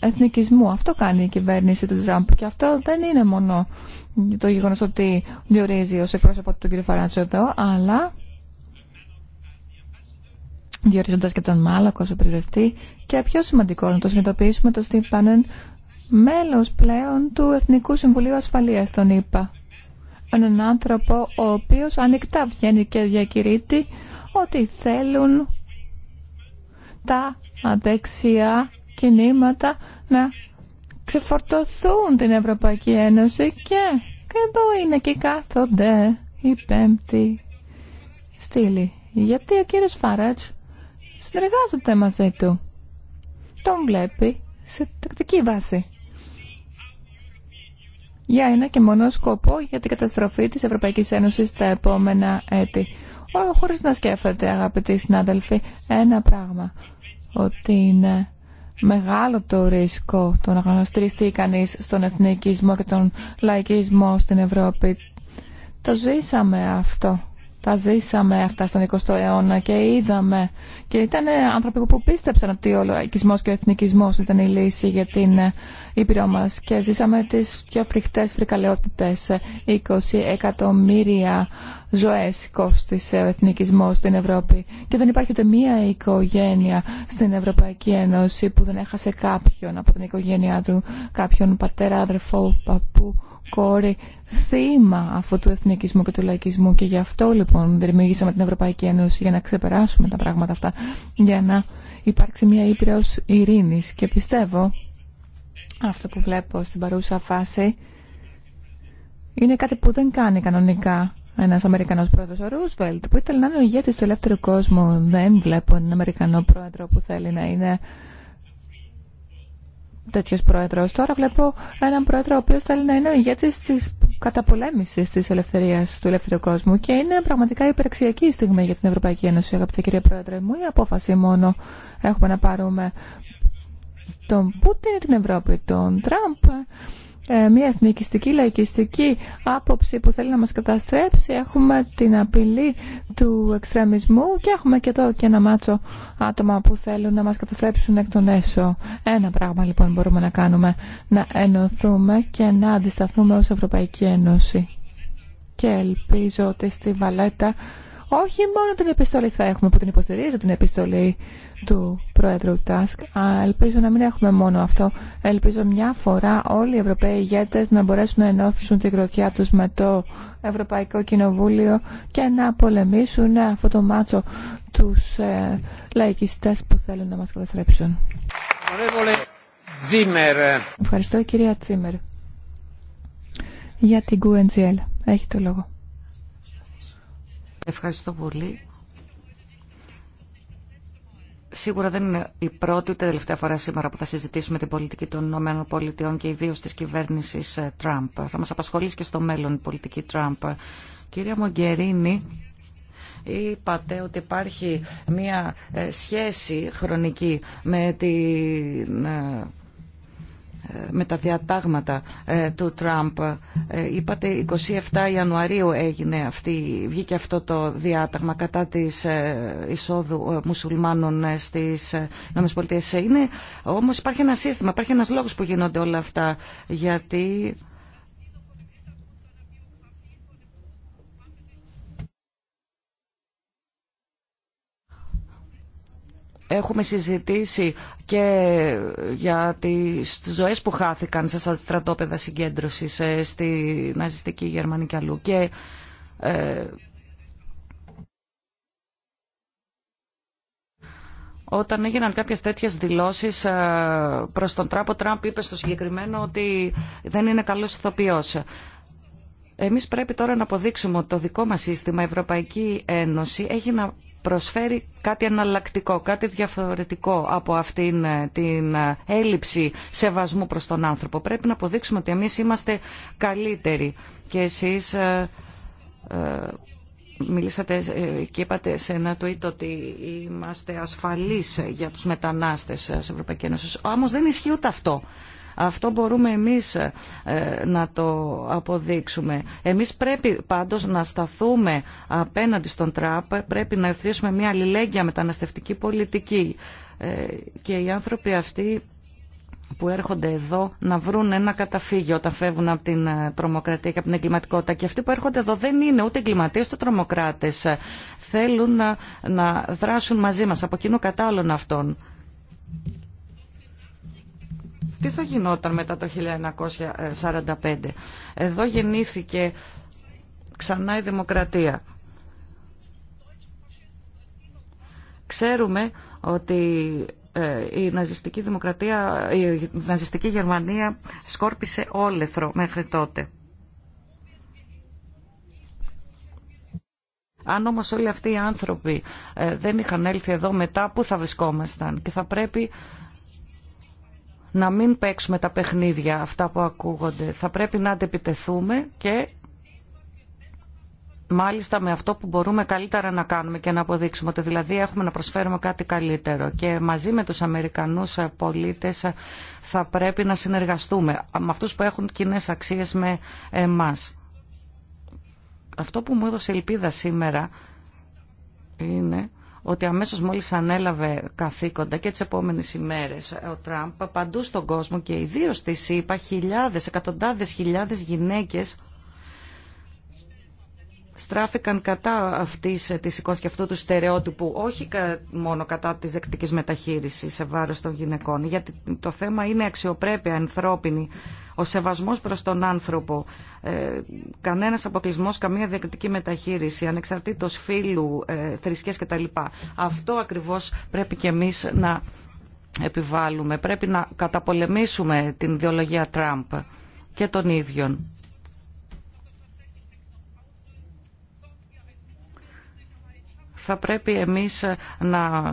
εθνικισμού. Αυτό κάνει η κυβέρνηση του Τραμπ. Και αυτό δεν είναι μόνο το γεγονό ότι διορίζει ω εκπρόσωπο του κ. Φαράτσο εδώ, αλλά διορίζοντα και τον Μάλακο ω πρεσβευτή και πιο σημαντικό να το συνειδητοποιήσουμε το Στίβ Πάνεν μέλος πλέον του Εθνικού Συμβουλίου Ασφαλείας τον είπα. Έναν άνθρωπο ο οποίος ανοιχτά βγαίνει και διακηρύττει ότι θέλουν τα αδεξιά κινήματα να ξεφορτωθούν την Ευρωπαϊκή Ένωση και, και εδώ είναι και κάθονται η πέμπτη στήλη. Γιατί ο κύριος Φάρατς συνεργάζεται μαζί του. Τον βλέπει σε τακτική βάση. Για ένα και μόνο σκοπό για την καταστροφή της Ευρωπαϊκής Ένωσης τα επόμενα έτη. χωρίς να σκέφτεται αγαπητοί συνάδελφοι ένα πράγμα. Ότι είναι μεγάλο το ρίσκο το να γνωστηριστεί κανεί στον εθνικισμό και τον λαϊκισμό στην Ευρώπη. Το ζήσαμε αυτό τα ζήσαμε αυτά στον 20ο αιώνα και είδαμε. Και ήταν άνθρωποι που πίστεψαν ότι ο αιωνα και ειδαμε και ηταν ανθρωποι που πιστεψαν οτι ο λαικισμος και ο εθνικισμό ήταν η λύση για την ήπειρό μα. Και ζήσαμε τι πιο φρικτέ φρικαλαιότητες. 20 εκατομμύρια ζωέ κόστησε ο εθνικισμό στην Ευρώπη. Και δεν υπάρχει ούτε μία οικογένεια στην Ευρωπαϊκή Ένωση που δεν έχασε κάποιον από την οικογένειά του, κάποιον πατέρα, αδερφό, παππού κόρη θύμα αυτού του εθνικισμού και του λαϊκισμού και γι' αυτό λοιπόν δημιουργήσαμε την Ευρωπαϊκή Ένωση για να ξεπεράσουμε τα πράγματα αυτά, για να υπάρξει μια ήπειρος ειρήνης και πιστεύω αυτό που βλέπω στην παρούσα φάση είναι κάτι που δεν κάνει κανονικά ένα Αμερικανό πρόεδρο, ο Ρούσβελτ, που ήταν να είναι ο ηγέτη του ελεύθερου κόσμου. Δεν βλέπω έναν Αμερικανό πρόεδρο που θέλει να είναι Τέτοιο πρόεδρο, Τώρα βλέπω έναν πρόεδρο ο οποίος θέλει να είναι ο ηγέτη τη καταπολέμησης τη ελευθερία του ελεύθερου κόσμου και είναι πραγματικά υπεραξιακή στιγμή για την Ευρωπαϊκή Ένωση, αγαπητέ κύριε πρόεδρε μου. Η απόφαση μόνο έχουμε να πάρουμε τον Πούτιν ή την Ευρώπη, τον Τραμπ ε, μια εθνικιστική, λαϊκιστική άποψη που θέλει να μας καταστρέψει. Έχουμε την απειλή του εξτρεμισμού και έχουμε και εδώ και ένα μάτσο άτομα που θέλουν να μας καταστρέψουν εκ των έσω. Ένα πράγμα λοιπόν μπορούμε να κάνουμε, να ενωθούμε και να αντισταθούμε ως Ευρωπαϊκή Ένωση. Και ελπίζω ότι στη Βαλέτα όχι μόνο την επιστολή θα έχουμε που την υποστηρίζω την επιστολή του Πρόεδρου Τάσκ. Ελπίζω να μην έχουμε μόνο αυτό. Ελπίζω μια φορά όλοι οι Ευρωπαίοι ηγέτες να μπορέσουν να ενώθησουν την γροθιά τους με το Ευρωπαϊκό Κοινοβούλιο και να πολεμήσουν αυτό το μάτσο τους ε, λαϊκιστές που θέλουν να μας καταστρέψουν. Ευχαριστώ κυρία Τσίμερ για την ΚΟΥΕΝΤΖΙΕΛ. Έχει το λόγο. Ευχαριστώ πολύ. Σίγουρα δεν είναι η πρώτη ούτε τελευταία φορά σήμερα που θα συζητήσουμε την πολιτική των Πολιτειών και ιδίω τη κυβέρνηση ε, Τραμπ. Θα μα απασχολήσει και στο μέλλον η πολιτική Τραμπ. Κυρία Μογκερίνη, είπατε ότι υπάρχει μια ε, σχέση χρονική με την ε, με τα διατάγματα ε, του Τραμπ. Ε, είπατε 27 Ιανουαρίου έγινε αυτή, βγήκε αυτό το διάταγμα κατά της ε, εισόδου μουσουλμάνων στις ΗΠΑ. Είναι, όμως υπάρχει ένα σύστημα, υπάρχει ένας λόγος που γίνονται όλα αυτά. Γιατί Έχουμε συζητήσει και για τις ζωές που χάθηκαν σε στρατόπεδα συγκέντρωσης ε, στη ναζιστική Γερμανική αλλού. Ε, όταν έγιναν κάποιες τέτοιες δηλώσεις ε, προς τον Τράπο, ο Τραμπ είπε στο συγκεκριμένο ότι δεν είναι καλός ηθοποιός. Εμείς πρέπει τώρα να αποδείξουμε ότι το δικό μας σύστημα, η Ευρωπαϊκή Ένωση, έχει να προσφέρει κάτι αναλλακτικό, κάτι διαφορετικό από αυτήν ε, την ε, έλλειψη σεβασμού προς τον άνθρωπο. Πρέπει να αποδείξουμε ότι εμείς είμαστε καλύτεροι και εσείς ε, μιλήσατε και είπατε σε ένα tweet ότι είμαστε ασφαλείς για τους μετανάστες σε Ευρωπαϊκή Ένωση. Όμως δεν ισχύει ούτε αυτό. Αυτό μπορούμε εμείς ε, να το αποδείξουμε. Εμείς πρέπει πάντως να σταθούμε απέναντι στον τραπ. πρέπει να ευθύσουμε μια αλληλέγγυα μεταναστευτική πολιτική ε, και οι άνθρωποι αυτοί που έρχονται εδώ να βρουν ένα καταφύγιο όταν φεύγουν από την ε, τρομοκρατία και από την εγκληματικότητα. Και αυτοί που έρχονται εδώ δεν είναι ούτε εγκληματίε ούτε τρομοκράτε. Θέλουν να, να δράσουν μαζί μα από κοινού κατάλληλων αυτών τι θα γινόταν μετά το 1945. Εδώ γεννήθηκε ξανά η δημοκρατία. Ξέρουμε ότι ε, η ναζιστική δημοκρατία, η ναζιστική Γερμανία σκόρπισε όλεθρο μέχρι τότε. Αν όμως όλοι αυτοί οι άνθρωποι ε, δεν είχαν έλθει εδώ μετά, πού θα βρισκόμασταν και θα πρέπει να μην παίξουμε τα παιχνίδια αυτά που ακούγονται. Θα πρέπει να αντεπιτεθούμε και μάλιστα με αυτό που μπορούμε καλύτερα να κάνουμε και να αποδείξουμε ότι δηλαδή έχουμε να προσφέρουμε κάτι καλύτερο και μαζί με τους Αμερικανούς πολίτες θα πρέπει να συνεργαστούμε με αυτούς που έχουν κοινέ αξίες με εμάς. Αυτό που μου έδωσε ελπίδα σήμερα είναι ότι αμέσως μόλις ανέλαβε καθήκοντα και τις επόμενες ημέρες ο Τραμπ παντού στον κόσμο και ιδίως στη ΣΥΠΑ χιλιάδες, εκατοντάδες χιλιάδες γυναίκες στράφηκαν κατά αυτής της εικόνας και αυτού του στερεότυπου, όχι μόνο κατά της δεκτικής μεταχείρισης σε βάρος των γυναικών, γιατί το θέμα είναι αξιοπρέπεια, ανθρώπινη, ο σεβασμός προς τον άνθρωπο, ε, κανένας αποκλεισμός, καμία δεκτική μεταχείριση, ανεξαρτήτως φύλου, ε, κτλ. Αυτό ακριβώς πρέπει και εμείς να επιβάλλουμε. Πρέπει να καταπολεμήσουμε την ιδεολογία Τραμπ και των ίδιων θα πρέπει εμείς να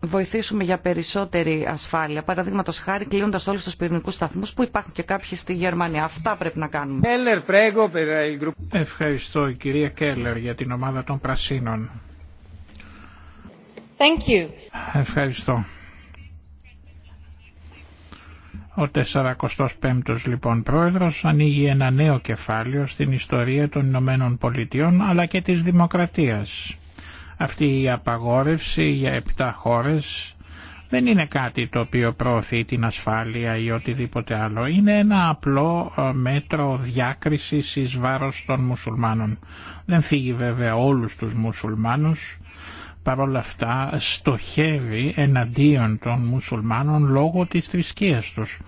βοηθήσουμε για περισσότερη ασφάλεια. Παραδείγματο χάρη κλείνοντα όλου του πυρηνικού σταθμού που υπάρχουν και κάποιοι στη Γερμανία. Αυτά πρέπει να κάνουμε. Ευχαριστώ κυρία Κέλλερ για την ομάδα των Πρασίνων. Thank you. Ευχαριστώ. Ο 45ος λοιπόν πρόεδρος ανοίγει ένα νέο κεφάλαιο στην ιστορία των Ηνωμένων Πολιτειών αλλά και της δημοκρατίας. Αυτή η απαγόρευση για επτά χώρες δεν είναι κάτι το οποίο προωθεί την ασφάλεια ή οτιδήποτε άλλο. Είναι ένα απλό ε, μέτρο διάκρισης εις βάρος των μουσουλμάνων. Δεν φύγει βέβαια όλους τους μουσουλμάνους, παρόλα αυτά στοχεύει εναντίον των μουσουλμάνων λόγω της θρησκείας τους.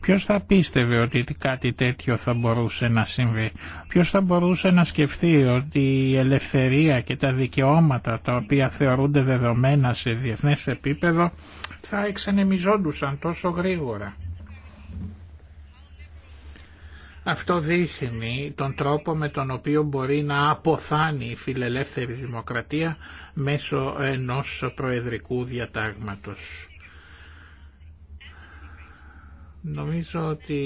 Ποιος θα πίστευε ότι κάτι τέτοιο θα μπορούσε να συμβεί. Ποιος θα μπορούσε να σκεφτεί ότι η ελευθερία και τα δικαιώματα τα οποία θεωρούνται δεδομένα σε διεθνές επίπεδο θα εξανεμιζόντουσαν τόσο γρήγορα. Αυτό δείχνει τον τρόπο με τον οποίο μπορεί να αποθάνει η φιλελεύθερη δημοκρατία μέσω ενός προεδρικού διατάγματος. Νομίζω ότι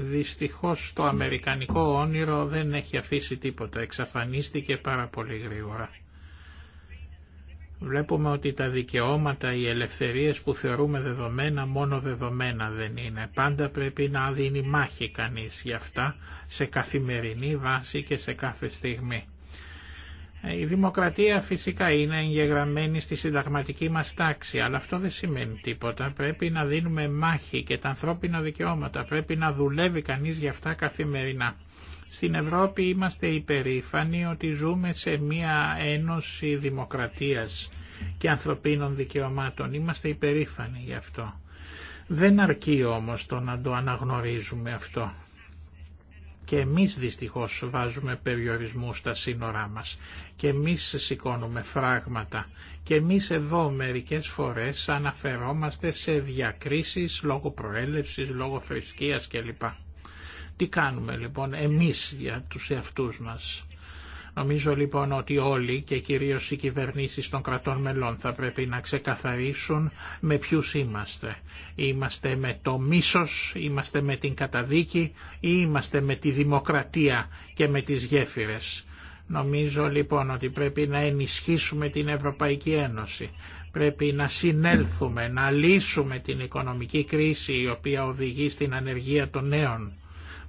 δυστυχώς το αμερικανικό όνειρο δεν έχει αφήσει τίποτα, εξαφανίστηκε πάρα πολύ γρήγορα. Βλέπουμε ότι τα δικαιώματα, οι ελευθερίες που θεωρούμε δεδομένα, μόνο δεδομένα δεν είναι. Πάντα πρέπει να δίνει μάχη κανείς για αυτά σε καθημερινή βάση και σε κάθε στιγμή. Ε, η δημοκρατία φυσικά είναι εγγεγραμμένη στη συνταγματική μας τάξη, αλλά αυτό δεν σημαίνει τίποτα. Πρέπει να δίνουμε μάχη και τα ανθρώπινα δικαιώματα. Πρέπει να δουλεύει κανείς για αυτά καθημερινά. Στην Ευρώπη είμαστε υπερήφανοι ότι ζούμε σε μια ένωση δημοκρατίας και ανθρωπίνων δικαιωμάτων. Είμαστε υπερήφανοι γι' αυτό. Δεν αρκεί όμως το να το αναγνωρίζουμε αυτό. Και εμείς δυστυχώς βάζουμε περιορισμού στα σύνορά μας. Και εμείς σηκώνουμε φράγματα. Και εμείς εδώ μερικές φορές αναφερόμαστε σε διακρίσεις λόγω προέλευσης, λόγω θρησκείας κλπ. Τι κάνουμε λοιπόν εμείς για τους εαυτούς μας. Νομίζω λοιπόν ότι όλοι και κυρίως οι κυβερνήσεις των κρατών μελών θα πρέπει να ξεκαθαρίσουν με ποιους είμαστε. Είμαστε με το μίσος, είμαστε με την καταδίκη ή είμαστε με τη δημοκρατία και με τις γέφυρες. Νομίζω λοιπόν ότι πρέπει να ενισχύσουμε την Ευρωπαϊκή Ένωση. Πρέπει να συνέλθουμε, να λύσουμε την οικονομική κρίση η οποία οδηγεί στην ανεργία των νέων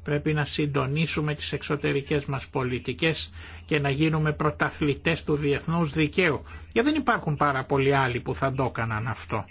Πρέπει να συντονίσουμε τις εξωτερικές μας πολιτικές και να γίνουμε πρωταθλητές του διεθνούς δικαίου. Γιατί δεν υπάρχουν πάρα πολλοί άλλοι που θα το έκαναν αυτό.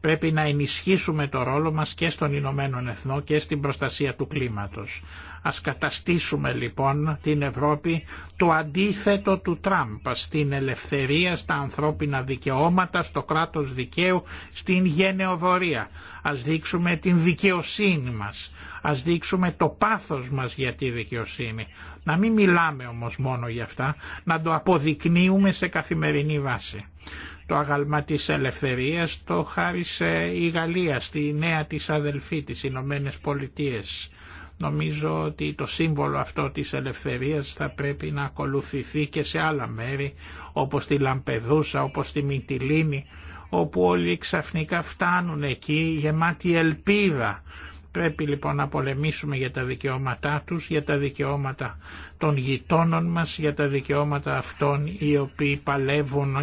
Πρέπει να ενισχύσουμε το ρόλο μας και στον Ηνωμένο Εθνό και στην προστασία του κλίματος. Ας καταστήσουμε λοιπόν την Ευρώπη το αντίθετο του Τραμπ στην ελευθερία, στα ανθρώπινα δικαιώματα, στο κράτος δικαίου, στην γενεοδορία. Ας δείξουμε την δικαιοσύνη μας. Ας δείξουμε το πάθος μας για τη δικαιοσύνη. Να μην μιλάμε όμως μόνο για αυτά, να το αποδεικνύουμε σε καθημερινή βάση το αγαλμά της ελευθερίας το χάρισε η Γαλλία στη νέα της αδελφή της Ηνωμένε Πολιτείες. Νομίζω ότι το σύμβολο αυτό της ελευθερίας θα πρέπει να ακολουθηθεί και σε άλλα μέρη όπως τη Λαμπεδούσα, όπως τη Μιτιλίνη όπου όλοι ξαφνικά φτάνουν εκεί γεμάτοι ελπίδα. Πρέπει λοιπόν να πολεμήσουμε για τα δικαιώματά τους, για τα δικαιώματα των γειτόνων μας, για τα δικαιώματα αυτών οι οποίοι παλεύουν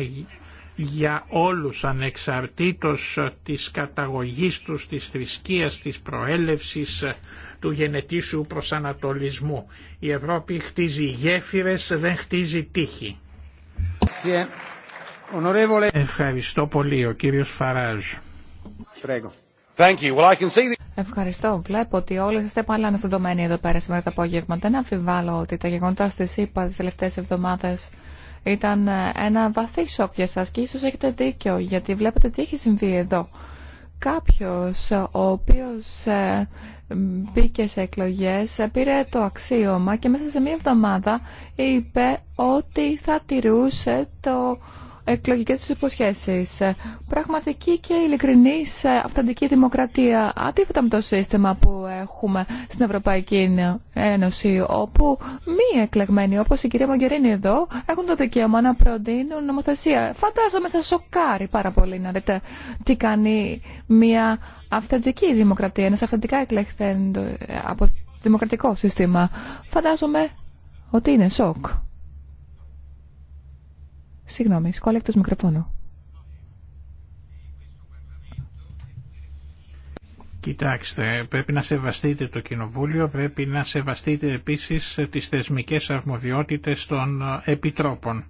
για όλους ανεξαρτήτως της καταγωγής τους, της θρησκείας, της προέλευσης, ε, του γενετήσου προσανατολισμού. Η Ευρώπη χτίζει γέφυρες, δεν χτίζει τείχη. Ευχαριστώ πολύ. Ο κύριος Φαράζ. Ευχαριστώ. Βλέπω ότι όλοι είστε πάλι αναστατωμένοι εδώ πέρα σήμερα το απόγευμα. Δεν αμφιβάλλω ότι τα γεγονότα στη ΣΥΠΑ τις τελευταίες εβδομάδες ήταν ε, ένα βαθύ σοκ για σας και ίσως έχετε δίκιο γιατί βλέπετε τι έχει συμβεί εδώ. Κάποιος ε, ο οποίος ε, μπήκε σε εκλογές, πήρε το αξίωμα και μέσα σε μία εβδομάδα είπε ότι θα τηρούσε το Εκλογικέ τους υποσχέσεις. Πραγματική και ειλικρινή ε, αυθεντική δημοκρατία, αντίθετα με το σύστημα που έχουμε στην Ευρωπαϊκή Ένωση, όπου μη εκλεγμένοι, όπω η κυρία Μογκερίνη εδώ, έχουν το δικαίωμα να προτείνουν νομοθεσία. Φαντάζομαι σε σοκάρει πάρα πολύ να δείτε τι κάνει μια αυθεντική δημοκρατία, ένα αυθεντικά εκλεγμένο ε, από δημοκρατικό σύστημα. Φαντάζομαι ότι είναι σοκ. Συγγνώμη, σχόλια εκτός μικροφώνου. Κοιτάξτε, πρέπει να σεβαστείτε το Κοινοβούλιο, πρέπει να σεβαστείτε επίσης τις θεσμικές αρμοδιότητες των ε, επιτρόπων.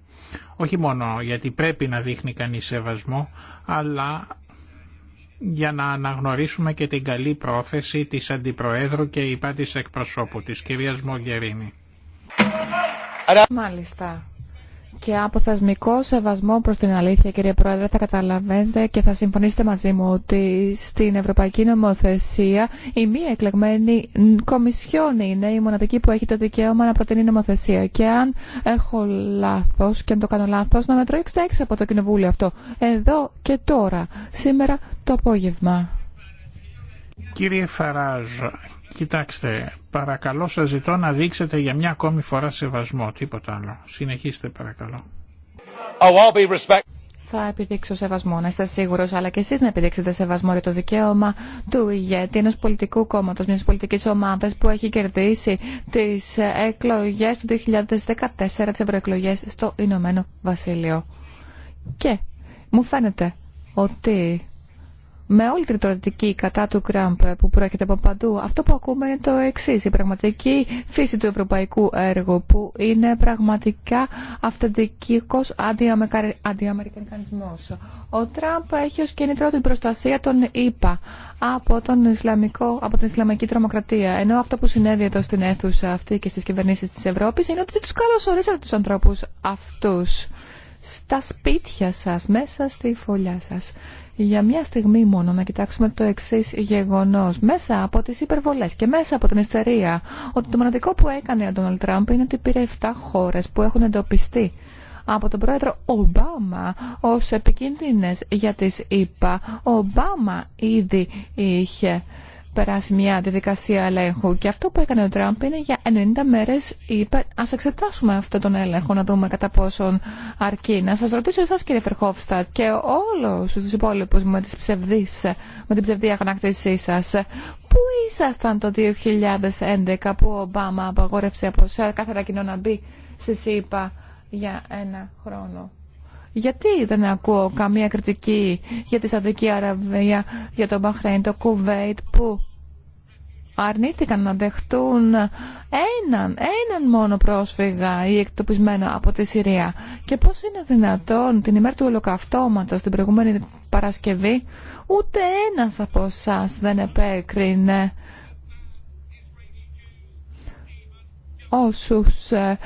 Όχι μόνο γιατί πρέπει να δείχνει κανείς σεβασμό, αλλά για να αναγνωρίσουμε και την καλή πρόθεση της Αντιπροέδρου και υπά της εκπροσώπου της, κυρίας Μογερίνη. Μάλιστα και από θεσμικό σεβασμό προς την αλήθεια κύριε Πρόεδρε θα καταλαβαίνετε και θα συμφωνήσετε μαζί μου ότι στην Ευρωπαϊκή Νομοθεσία η μία εκλεγμένη κομισιόν είναι η μοναδική που έχει το δικαίωμα να προτείνει νομοθεσία και αν έχω λάθο και αν το κάνω λάθο, να μετρώ έξω από το κοινοβούλιο αυτό εδώ και τώρα σήμερα το απόγευμα. Κύριε Φαράζ, Κοιτάξτε, παρακαλώ σα ζητώ να δείξετε για μια ακόμη φορά σεβασμό, τίποτα άλλο. Συνεχίστε παρακαλώ. Oh, Θα επιδείξω σεβασμό, να είστε σίγουρο, αλλά και εσεί να επιδείξετε σεβασμό για το δικαίωμα του ηγέτη ενό πολιτικού κόμματο, μια πολιτική ομάδα που έχει κερδίσει τι εκλογέ του 2014, τι ευρωεκλογέ στο Ηνωμένο Βασίλειο. Και μου φαίνεται ότι με όλη την τροτική κατά του Κραμπ που προέρχεται από παντού, αυτό που ακούμε είναι το εξή. Η πραγματική φύση του ευρωπαϊκού έργου που είναι πραγματικά αυθεντικό αντιαμερικανισμό. Ο Τραμπ έχει ως κίνητρο την προστασία των ΗΠΑ από, τον Ισλαμικό, από την Ισλαμική τρομοκρατία. Ενώ αυτό που συνέβη εδώ στην αίθουσα αυτή και στις κυβερνήσεις της Ευρώπης είναι ότι τους καλωσορίσατε τους ανθρώπους αυτούς στα σπίτια σας, μέσα στη φωλιά σας για μια στιγμή μόνο να κοιτάξουμε το εξή γεγονό μέσα από τι υπερβολέ και μέσα από την ιστερία ότι το μοναδικό που έκανε ο Ντόναλτ Τραμπ είναι ότι πήρε 7 χώρε που έχουν εντοπιστεί από τον πρόεδρο Ομπάμα ως επικίνδυνες για τις ΗΠΑ. Ο Ομπάμα ήδη είχε περάσει μια διαδικασία ελέγχου. Και αυτό που έκανε ο Τραμπ είναι για 90 μέρε είπε α εξετάσουμε αυτόν τον έλεγχο, να δούμε κατά πόσον αρκεί. Να σα ρωτήσω εσά κύριε Φερχόφστατ και όλου του υπόλοιπου με, τις ψευδείς, με την ψευδή αγανάκτησή σα. Πού ήσασταν το 2011 που ο Ομπάμα απαγόρευσε από κάθε κοινό να μπει στη ΣΥΠΑ για ένα χρόνο. Γιατί δεν ακούω καμία κριτική για τη Σαουδική Αραβία, για τον Μπαχρέιν, το Κουβέιτ που αρνήθηκαν να δεχτούν έναν, έναν μόνο πρόσφυγα ή εκτοπισμένο από τη Συρία. Και πώς είναι δυνατόν την ημέρα του ολοκαυτώματος, την προηγούμενη Παρασκευή, ούτε ένας από εσά δεν επέκρινε όσους ε,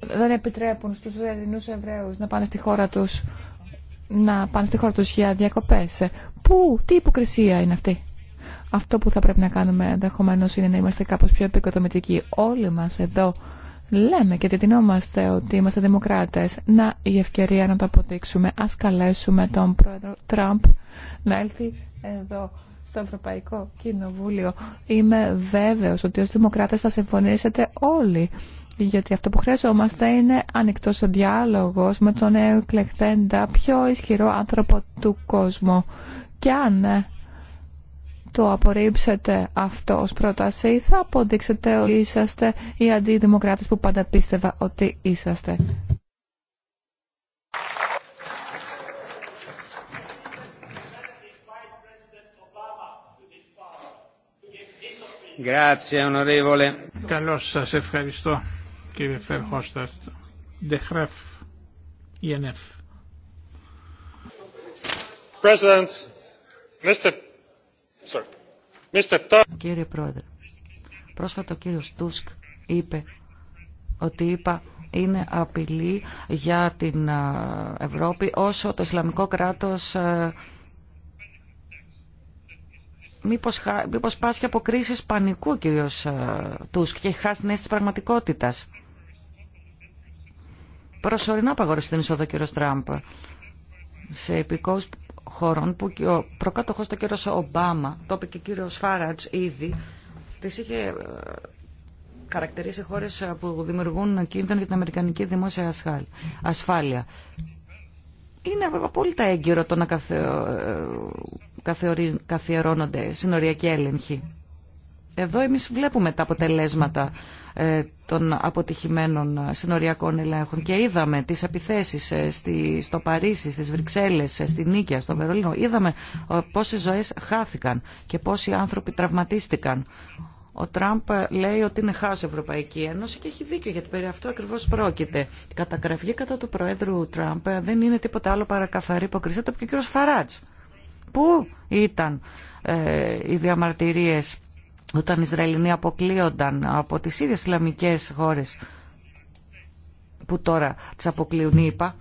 δεν επιτρέπουν στους Ελληνούς Εβραίους να πάνε στη χώρα τους να πάνε στη χώρα τους για διακοπές. Πού, τι υποκρισία είναι αυτή. Αυτό που θα πρέπει να κάνουμε ενδεχομένω είναι να είμαστε κάπως πιο επικοδομητικοί. Όλοι μας εδώ λέμε και διτεινόμαστε ότι είμαστε δημοκράτες. Να η ευκαιρία να το αποδείξουμε. Ας καλέσουμε τον πρόεδρο Τραμπ να έλθει εδώ στο Ευρωπαϊκό Κοινοβούλιο. Είμαι βέβαιος ότι ως δημοκράτες θα συμφωνήσετε όλοι. Γιατί αυτό που χρειαζόμαστε είναι ανοιχτό ο διάλογο με τον εκλεκτέντα πιο ισχυρό άνθρωπο του κόσμου. Και αν το απορρίψετε αυτό ως πρόταση θα αποδείξετε ότι είσαστε οι αντιδημοκράτες που πάντα πίστευα ότι είσαστε. Καλώς σας ευχαριστώ κύριε Φερχώσταρτ. ΔΕΧΡΕΦ ΙΕΝΕΦ. President, Mr. Κύριε Πρόεδρε, πρόσφατα ο κύριος Τούσκ είπε ότι είπα είναι απειλή για την Ευρώπη όσο το Ισλαμικό κράτος μήπως, μήπως πάσχει από κρίση πανικού κύριος Τούσκ και έχει χάσει την αίσθηση της πραγματικότητας. Προσωρινά απαγορεύσει την είσοδο κύριος Τραμπ σε επικούς χωρών που και ο προκάτοχος του κύριος Ομπάμα, το είπε και ο κύριος Φάρατς ήδη, τις είχε ε, χαρακτηρίσει χώρες ε, που δημιουργούν κίνδυνο για την Αμερικανική δημόσια ασφάλεια. Είναι απόλυτα έγκυρο το να ε, καθεωρι... καθιερώνονται συνοριακοί έλεγχοι. Εδώ εμείς βλέπουμε τα αποτελέσματα ε, των αποτυχημένων ε, συνοριακών ελέγχων και είδαμε τις επιθέσεις ε, στη, στο Παρίσι, στις Βρυξέλλες, στη Νίκαια, στο Βερολίνο. Είδαμε πόσες ζωές χάθηκαν και πόσοι άνθρωποι τραυματίστηκαν. Ο Τραμπ λέει ότι είναι χάος η Ευρωπαϊκή Ένωση και έχει δίκιο γιατί περί αυτού ακριβώς πρόκειται. Η καταγραφή κατά του Προέδρου Τραμπ δεν είναι τίποτα άλλο παρά καθαρή υποκρισία. Το και ο Φαράτς. Πού ήταν ε, οι διαμαρτυρίες όταν οι Ισραηλινοί αποκλείονταν από τις ίδιες Ισλαμικές χώρες που τώρα τις αποκλείουν, είπα,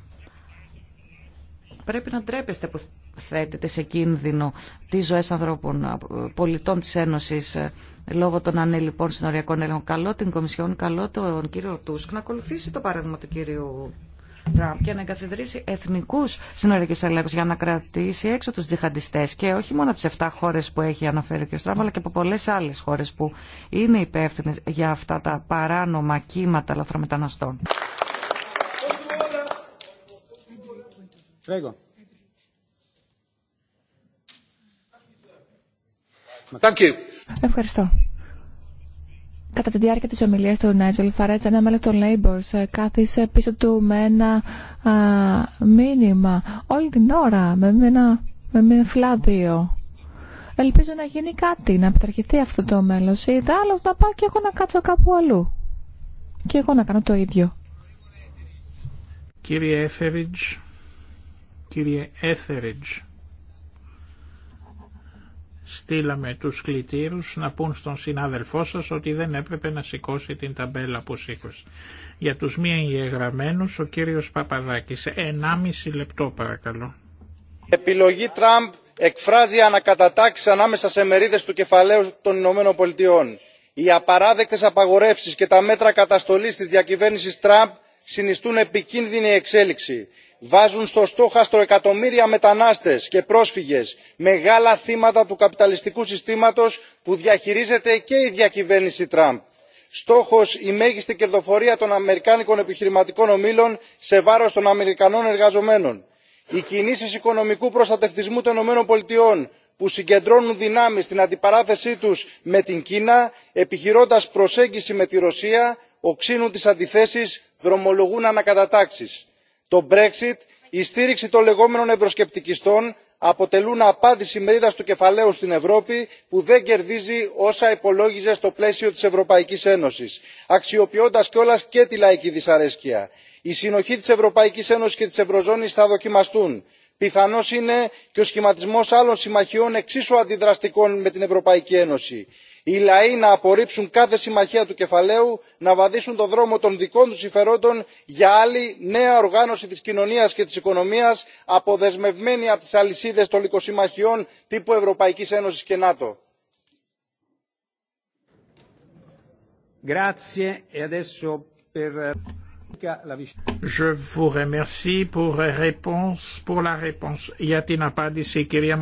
πρέπει να ντρέπεστε που θέτεται σε κίνδυνο τις ζωές ανθρώπων, πολιτών της Ένωσης, ε, λόγω των ανελειπών συνοριακών έλεγχων. Καλό την Κομισιόν, καλό τον κύριο Τούσκ να ακολουθήσει το παράδειγμα του κύριου και να εγκαθιδρύσει εθνικού συνορικέ ελέγχου για να κρατήσει έξω του τζιχαντιστέ και όχι μόνο από τι 7 χώρε που έχει αναφέρει ο ο Τραμπ, αλλά και από πολλέ άλλε χώρε που είναι υπεύθυνε για αυτά τα παράνομα κύματα λαθρομεταναστών. Ευχαριστώ. Κατά τη διάρκεια της ομιλίας του Νάιτζελ Φαρέτς, ένα μέλος των σε κάθισε πίσω του με ένα α, μήνυμα όλη την ώρα, με ένα, με ένα φλάδιο. Ελπίζω να γίνει κάτι, να επιταρχηθεί αυτό το μέλος ή τα να πάω και εγώ να κάτσω κάπου αλλού. Και εγώ να κάνω το ίδιο. Κύριε Έθεριτζ, κύριε Έθεριτζ, στείλαμε τους κλητήρους να πούν στον συνάδελφό σας ότι δεν έπρεπε να σηκώσει την ταμπέλα που σήκωσε. Για τους μη εγγεγραμμένους ο κύριος Παπαδάκης. ενάμιση λεπτό παρακαλώ. Η επιλογή Τραμπ εκφράζει ανακατατάξει ανάμεσα σε μερίδες του κεφαλαίου των Ηνωμένων Πολιτειών. Οι απαράδεκτες απαγορεύσεις και τα μέτρα καταστολής της διακυβέρνησης Τραμπ συνιστούν επικίνδυνη εξέλιξη βάζουν στο στόχαστρο εκατομμύρια μετανάστες και πρόσφυγες μεγάλα θύματα του καπιταλιστικού συστήματος που διαχειρίζεται και η διακυβέρνηση τραμπ. στόχος η μέγιστη κερδοφορία των αμερικάνικων επιχειρηματικών ομίλων σε βάρος των αμερικανών εργαζομένων. οι κινήσεις οικονομικού προστατευτισμού των ΗΠΑ που συγκεντρώνουν δυνάμεις στην αντιπαράθεσή τους με την κίνα επιχειρώντας προσέγγιση με τη ρωσία οξύνουν τις αντιθέσεις δρομολογούν ανακατατάξεις. το brexit η στήριξη των λεγόμενων ευρωσκεπτικιστών αποτελούν απάντηση μερίδας του κεφαλαίου στην ευρώπη που δεν κερδίζει όσα υπολόγιζε στο πλαίσιο της ευρωπαϊκής ένωσης αξιοποιώντας κιόλας και τη λαϊκή δυσαρέσκεια. η συνοχή της ευρωπαϊκής ένωσης και της ευρωζώνης θα δοκιμαστούν. πιθανός είναι και ο σχηματισμός άλλων συμμαχιών εξίσου αντιδραστικών με την ευρωπαϊκή ένωση οι λαοί να απορρίψουν κάθε συμμαχία του κεφαλαίου να βαδίσουν τον δρόμο των δικών τους συμφερόντων για άλλη νέα οργάνωση της κοινωνίας και της οικονομίας αποδεσμευμένη από τις αλυσίδες των λικοσυμμαχιών τύπου ευρωπαϊκής ένωσης και νάτο. E eh, Je Για την απάντηση, κυρία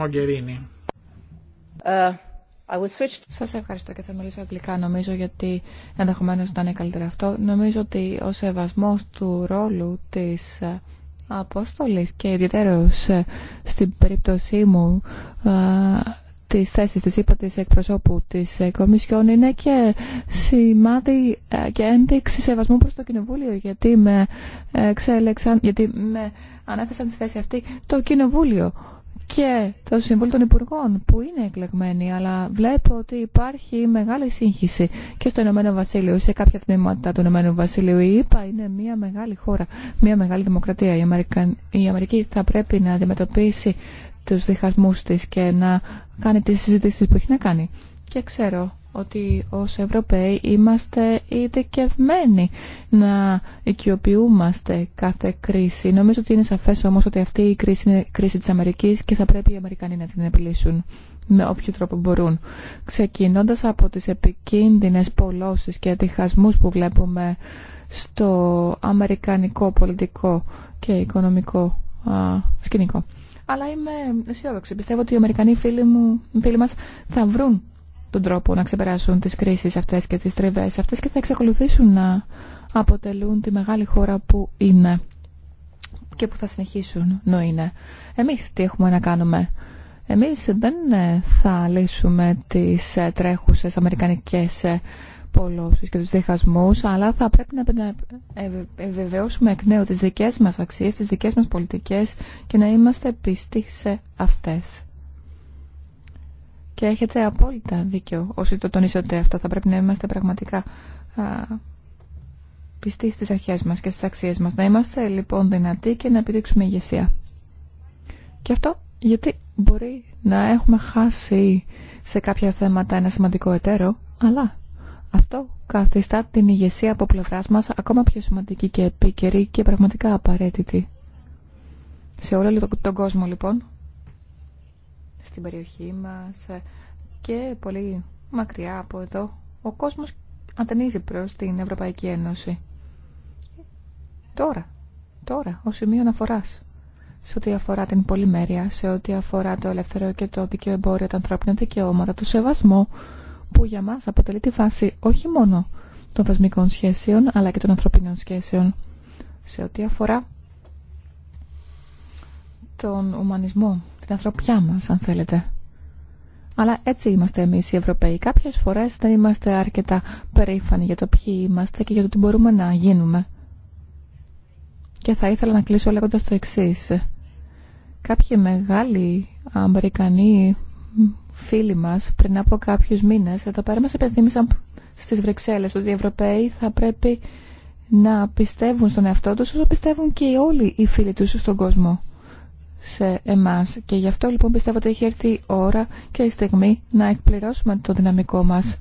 σα ευχαριστώ και θα μιλήσω αγγλικά νομίζω γιατί να είναι καλύτερα αυτό. Νομίζω ότι ο σεβασμό του ρόλου τη ε, απόστολη και ιδιαίτερω ε, στην περίπτωσή μου ε, τη θέση, τη είπα εκπροσώπου τη Κομισιόν είναι και σημάδι και ένδειξη σεβασμού προ το Κοινοβούλιο γιατί με, γιατί με ανέθεσαν στη θέση αυτή το Κοινοβούλιο και το Συμβούλιο των Υπουργών που είναι εκλεγμένοι, αλλά βλέπω ότι υπάρχει μεγάλη σύγχυση και στο Ηνωμένο Βασίλειο, σε κάποια τμήματα του Ηνωμένου Βασίλειου. Η ΕΠΑ είναι μια μεγάλη χώρα, μια μεγάλη δημοκρατία. Η, η Αμερική θα πρέπει να αντιμετωπίσει τους διχασμούς της και να κάνει τις συζητήσεις που έχει να κάνει. Και ξέρω ότι ως Ευρωπαίοι είμαστε ειδικευμένοι να οικειοποιούμαστε κάθε κρίση. Νομίζω ότι είναι σαφές όμως ότι αυτή η κρίση είναι κρίση της Αμερικής και θα πρέπει οι Αμερικανοί να την επιλύσουν με όποιο τρόπο μπορούν. Ξεκινώντας από τις επικίνδυνες πολλώσεις και ατυχασμούς που βλέπουμε στο αμερικανικό πολιτικό και οικονομικό σκηνικό. Αλλά είμαι αισιόδοξη. Πιστεύω ότι οι Αμερικανοί φίλοι, μου, φίλοι μας θα βρουν τον τρόπο να ξεπεράσουν τις κρίσεις αυτές και τις τριβές αυτές και θα εξακολουθήσουν να αποτελούν τη μεγάλη χώρα που είναι και που θα συνεχίσουν να είναι. Εμείς τι έχουμε να κάνουμε. Εμείς δεν ε, θα λύσουμε τις ε, τρέχουσες αμερικανικές ε, πολλώσεις και τους διχασμούς, αλλά θα πρέπει να βεβαιώσουμε εκ νέου τις δικές μας αξίες, τις δικές μας πολιτικές και να είμαστε πιστοί σε αυτές. Και έχετε απόλυτα δίκιο όσοι το τονίσατε αυτό. Θα πρέπει να είμαστε πραγματικά α, πιστοί στις αρχές μας και στις αξίες μας. Να είμαστε λοιπόν δυνατοί και να επιδείξουμε ηγεσία. Και αυτό γιατί μπορεί να έχουμε χάσει σε κάποια θέματα ένα σημαντικό εταίρο, αλλά αυτό καθιστά την ηγεσία από πλευρά μα ακόμα πιο σημαντική και επίκαιρη και πραγματικά απαραίτητη. Σε όλο τον κόσμο λοιπόν στην περιοχή μας ε, και πολύ μακριά από εδώ ο κόσμος αντενίζει προς την Ευρωπαϊκή Ένωση. Τώρα, τώρα, ο σημείο αναφοράς σε ό,τι αφορά την πολυμέρεια, σε ό,τι αφορά το ελεύθερο και το δίκαιο εμπόριο, τα ανθρώπινα δικαιώματα, το σεβασμό, που για μας αποτελεί τη βάση όχι μόνο των δοσμικών σχέσεων, αλλά και των ανθρωπίνων σχέσεων, σε ό,τι αφορά τον ουμανισμό την ανθρωπιά μας, αν θέλετε. Αλλά έτσι είμαστε εμείς οι Ευρωπαίοι. Κάποιες φορές δεν είμαστε αρκετά περήφανοι για το ποιοι είμαστε και για το τι μπορούμε να γίνουμε. Και θα ήθελα να κλείσω λέγοντας το εξής. Κάποιοι μεγάλοι Αμερικανοί φίλοι μας πριν από κάποιους μήνες εδώ πέρα μας επενθύμησαν στις Βρυξέλλες ότι οι Ευρωπαίοι θα πρέπει να πιστεύουν στον εαυτό τους όσο πιστεύουν και όλοι οι φίλοι τους στον κόσμο σε εμάς και γι' αυτό λοιπόν πιστεύω ότι έχει έρθει η ώρα και η στιγμή να εκπληρώσουμε το δυναμικό μας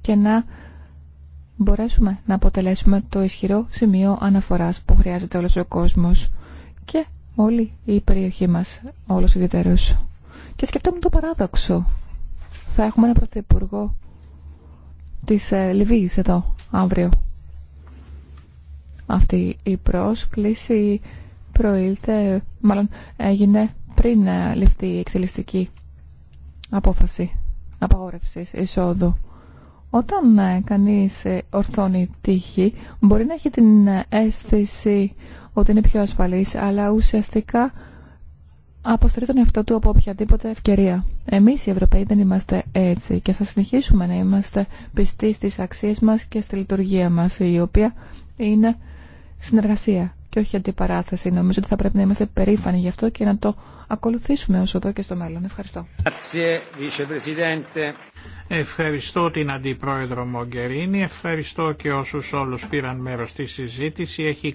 και να μπορέσουμε να αποτελέσουμε το ισχυρό σημείο αναφοράς που χρειάζεται όλος ο κόσμος και όλη η περιοχή μας, όλος ιδιαίτερος. Και σκεφτόμουν το παράδοξο. Θα έχουμε ένα πρωθυπουργό της ε, Λιβύης εδώ αύριο. Αυτή η πρόσκληση προήλθε, μάλλον έγινε πριν ε, ληφθεί η εκτελεστική απόφαση απαγόρευσης εισόδου. Όταν ε, κανείς ε, ορθώνει τύχη, μπορεί να έχει την αίσθηση ότι είναι πιο ασφαλής, αλλά ουσιαστικά αποστερεί τον εαυτό του από οποιαδήποτε ευκαιρία. Εμείς οι Ευρωπαίοι δεν είμαστε έτσι και θα συνεχίσουμε να είμαστε πιστοί στις αξίες μας και στη λειτουργία μας, η οποία είναι συνεργασία και όχι αντιπαράθεση. Νομίζω ότι θα πρέπει να είμαστε περήφανοι γι' αυτό και να το ακολουθήσουμε όσο εδώ και στο μέλλον. Ευχαριστώ. Ευχαριστώ την Αντιπρόεδρο Μογκερίνη, ευχαριστώ και όσους όλους πήραν μέρος στη συζήτηση. Έχει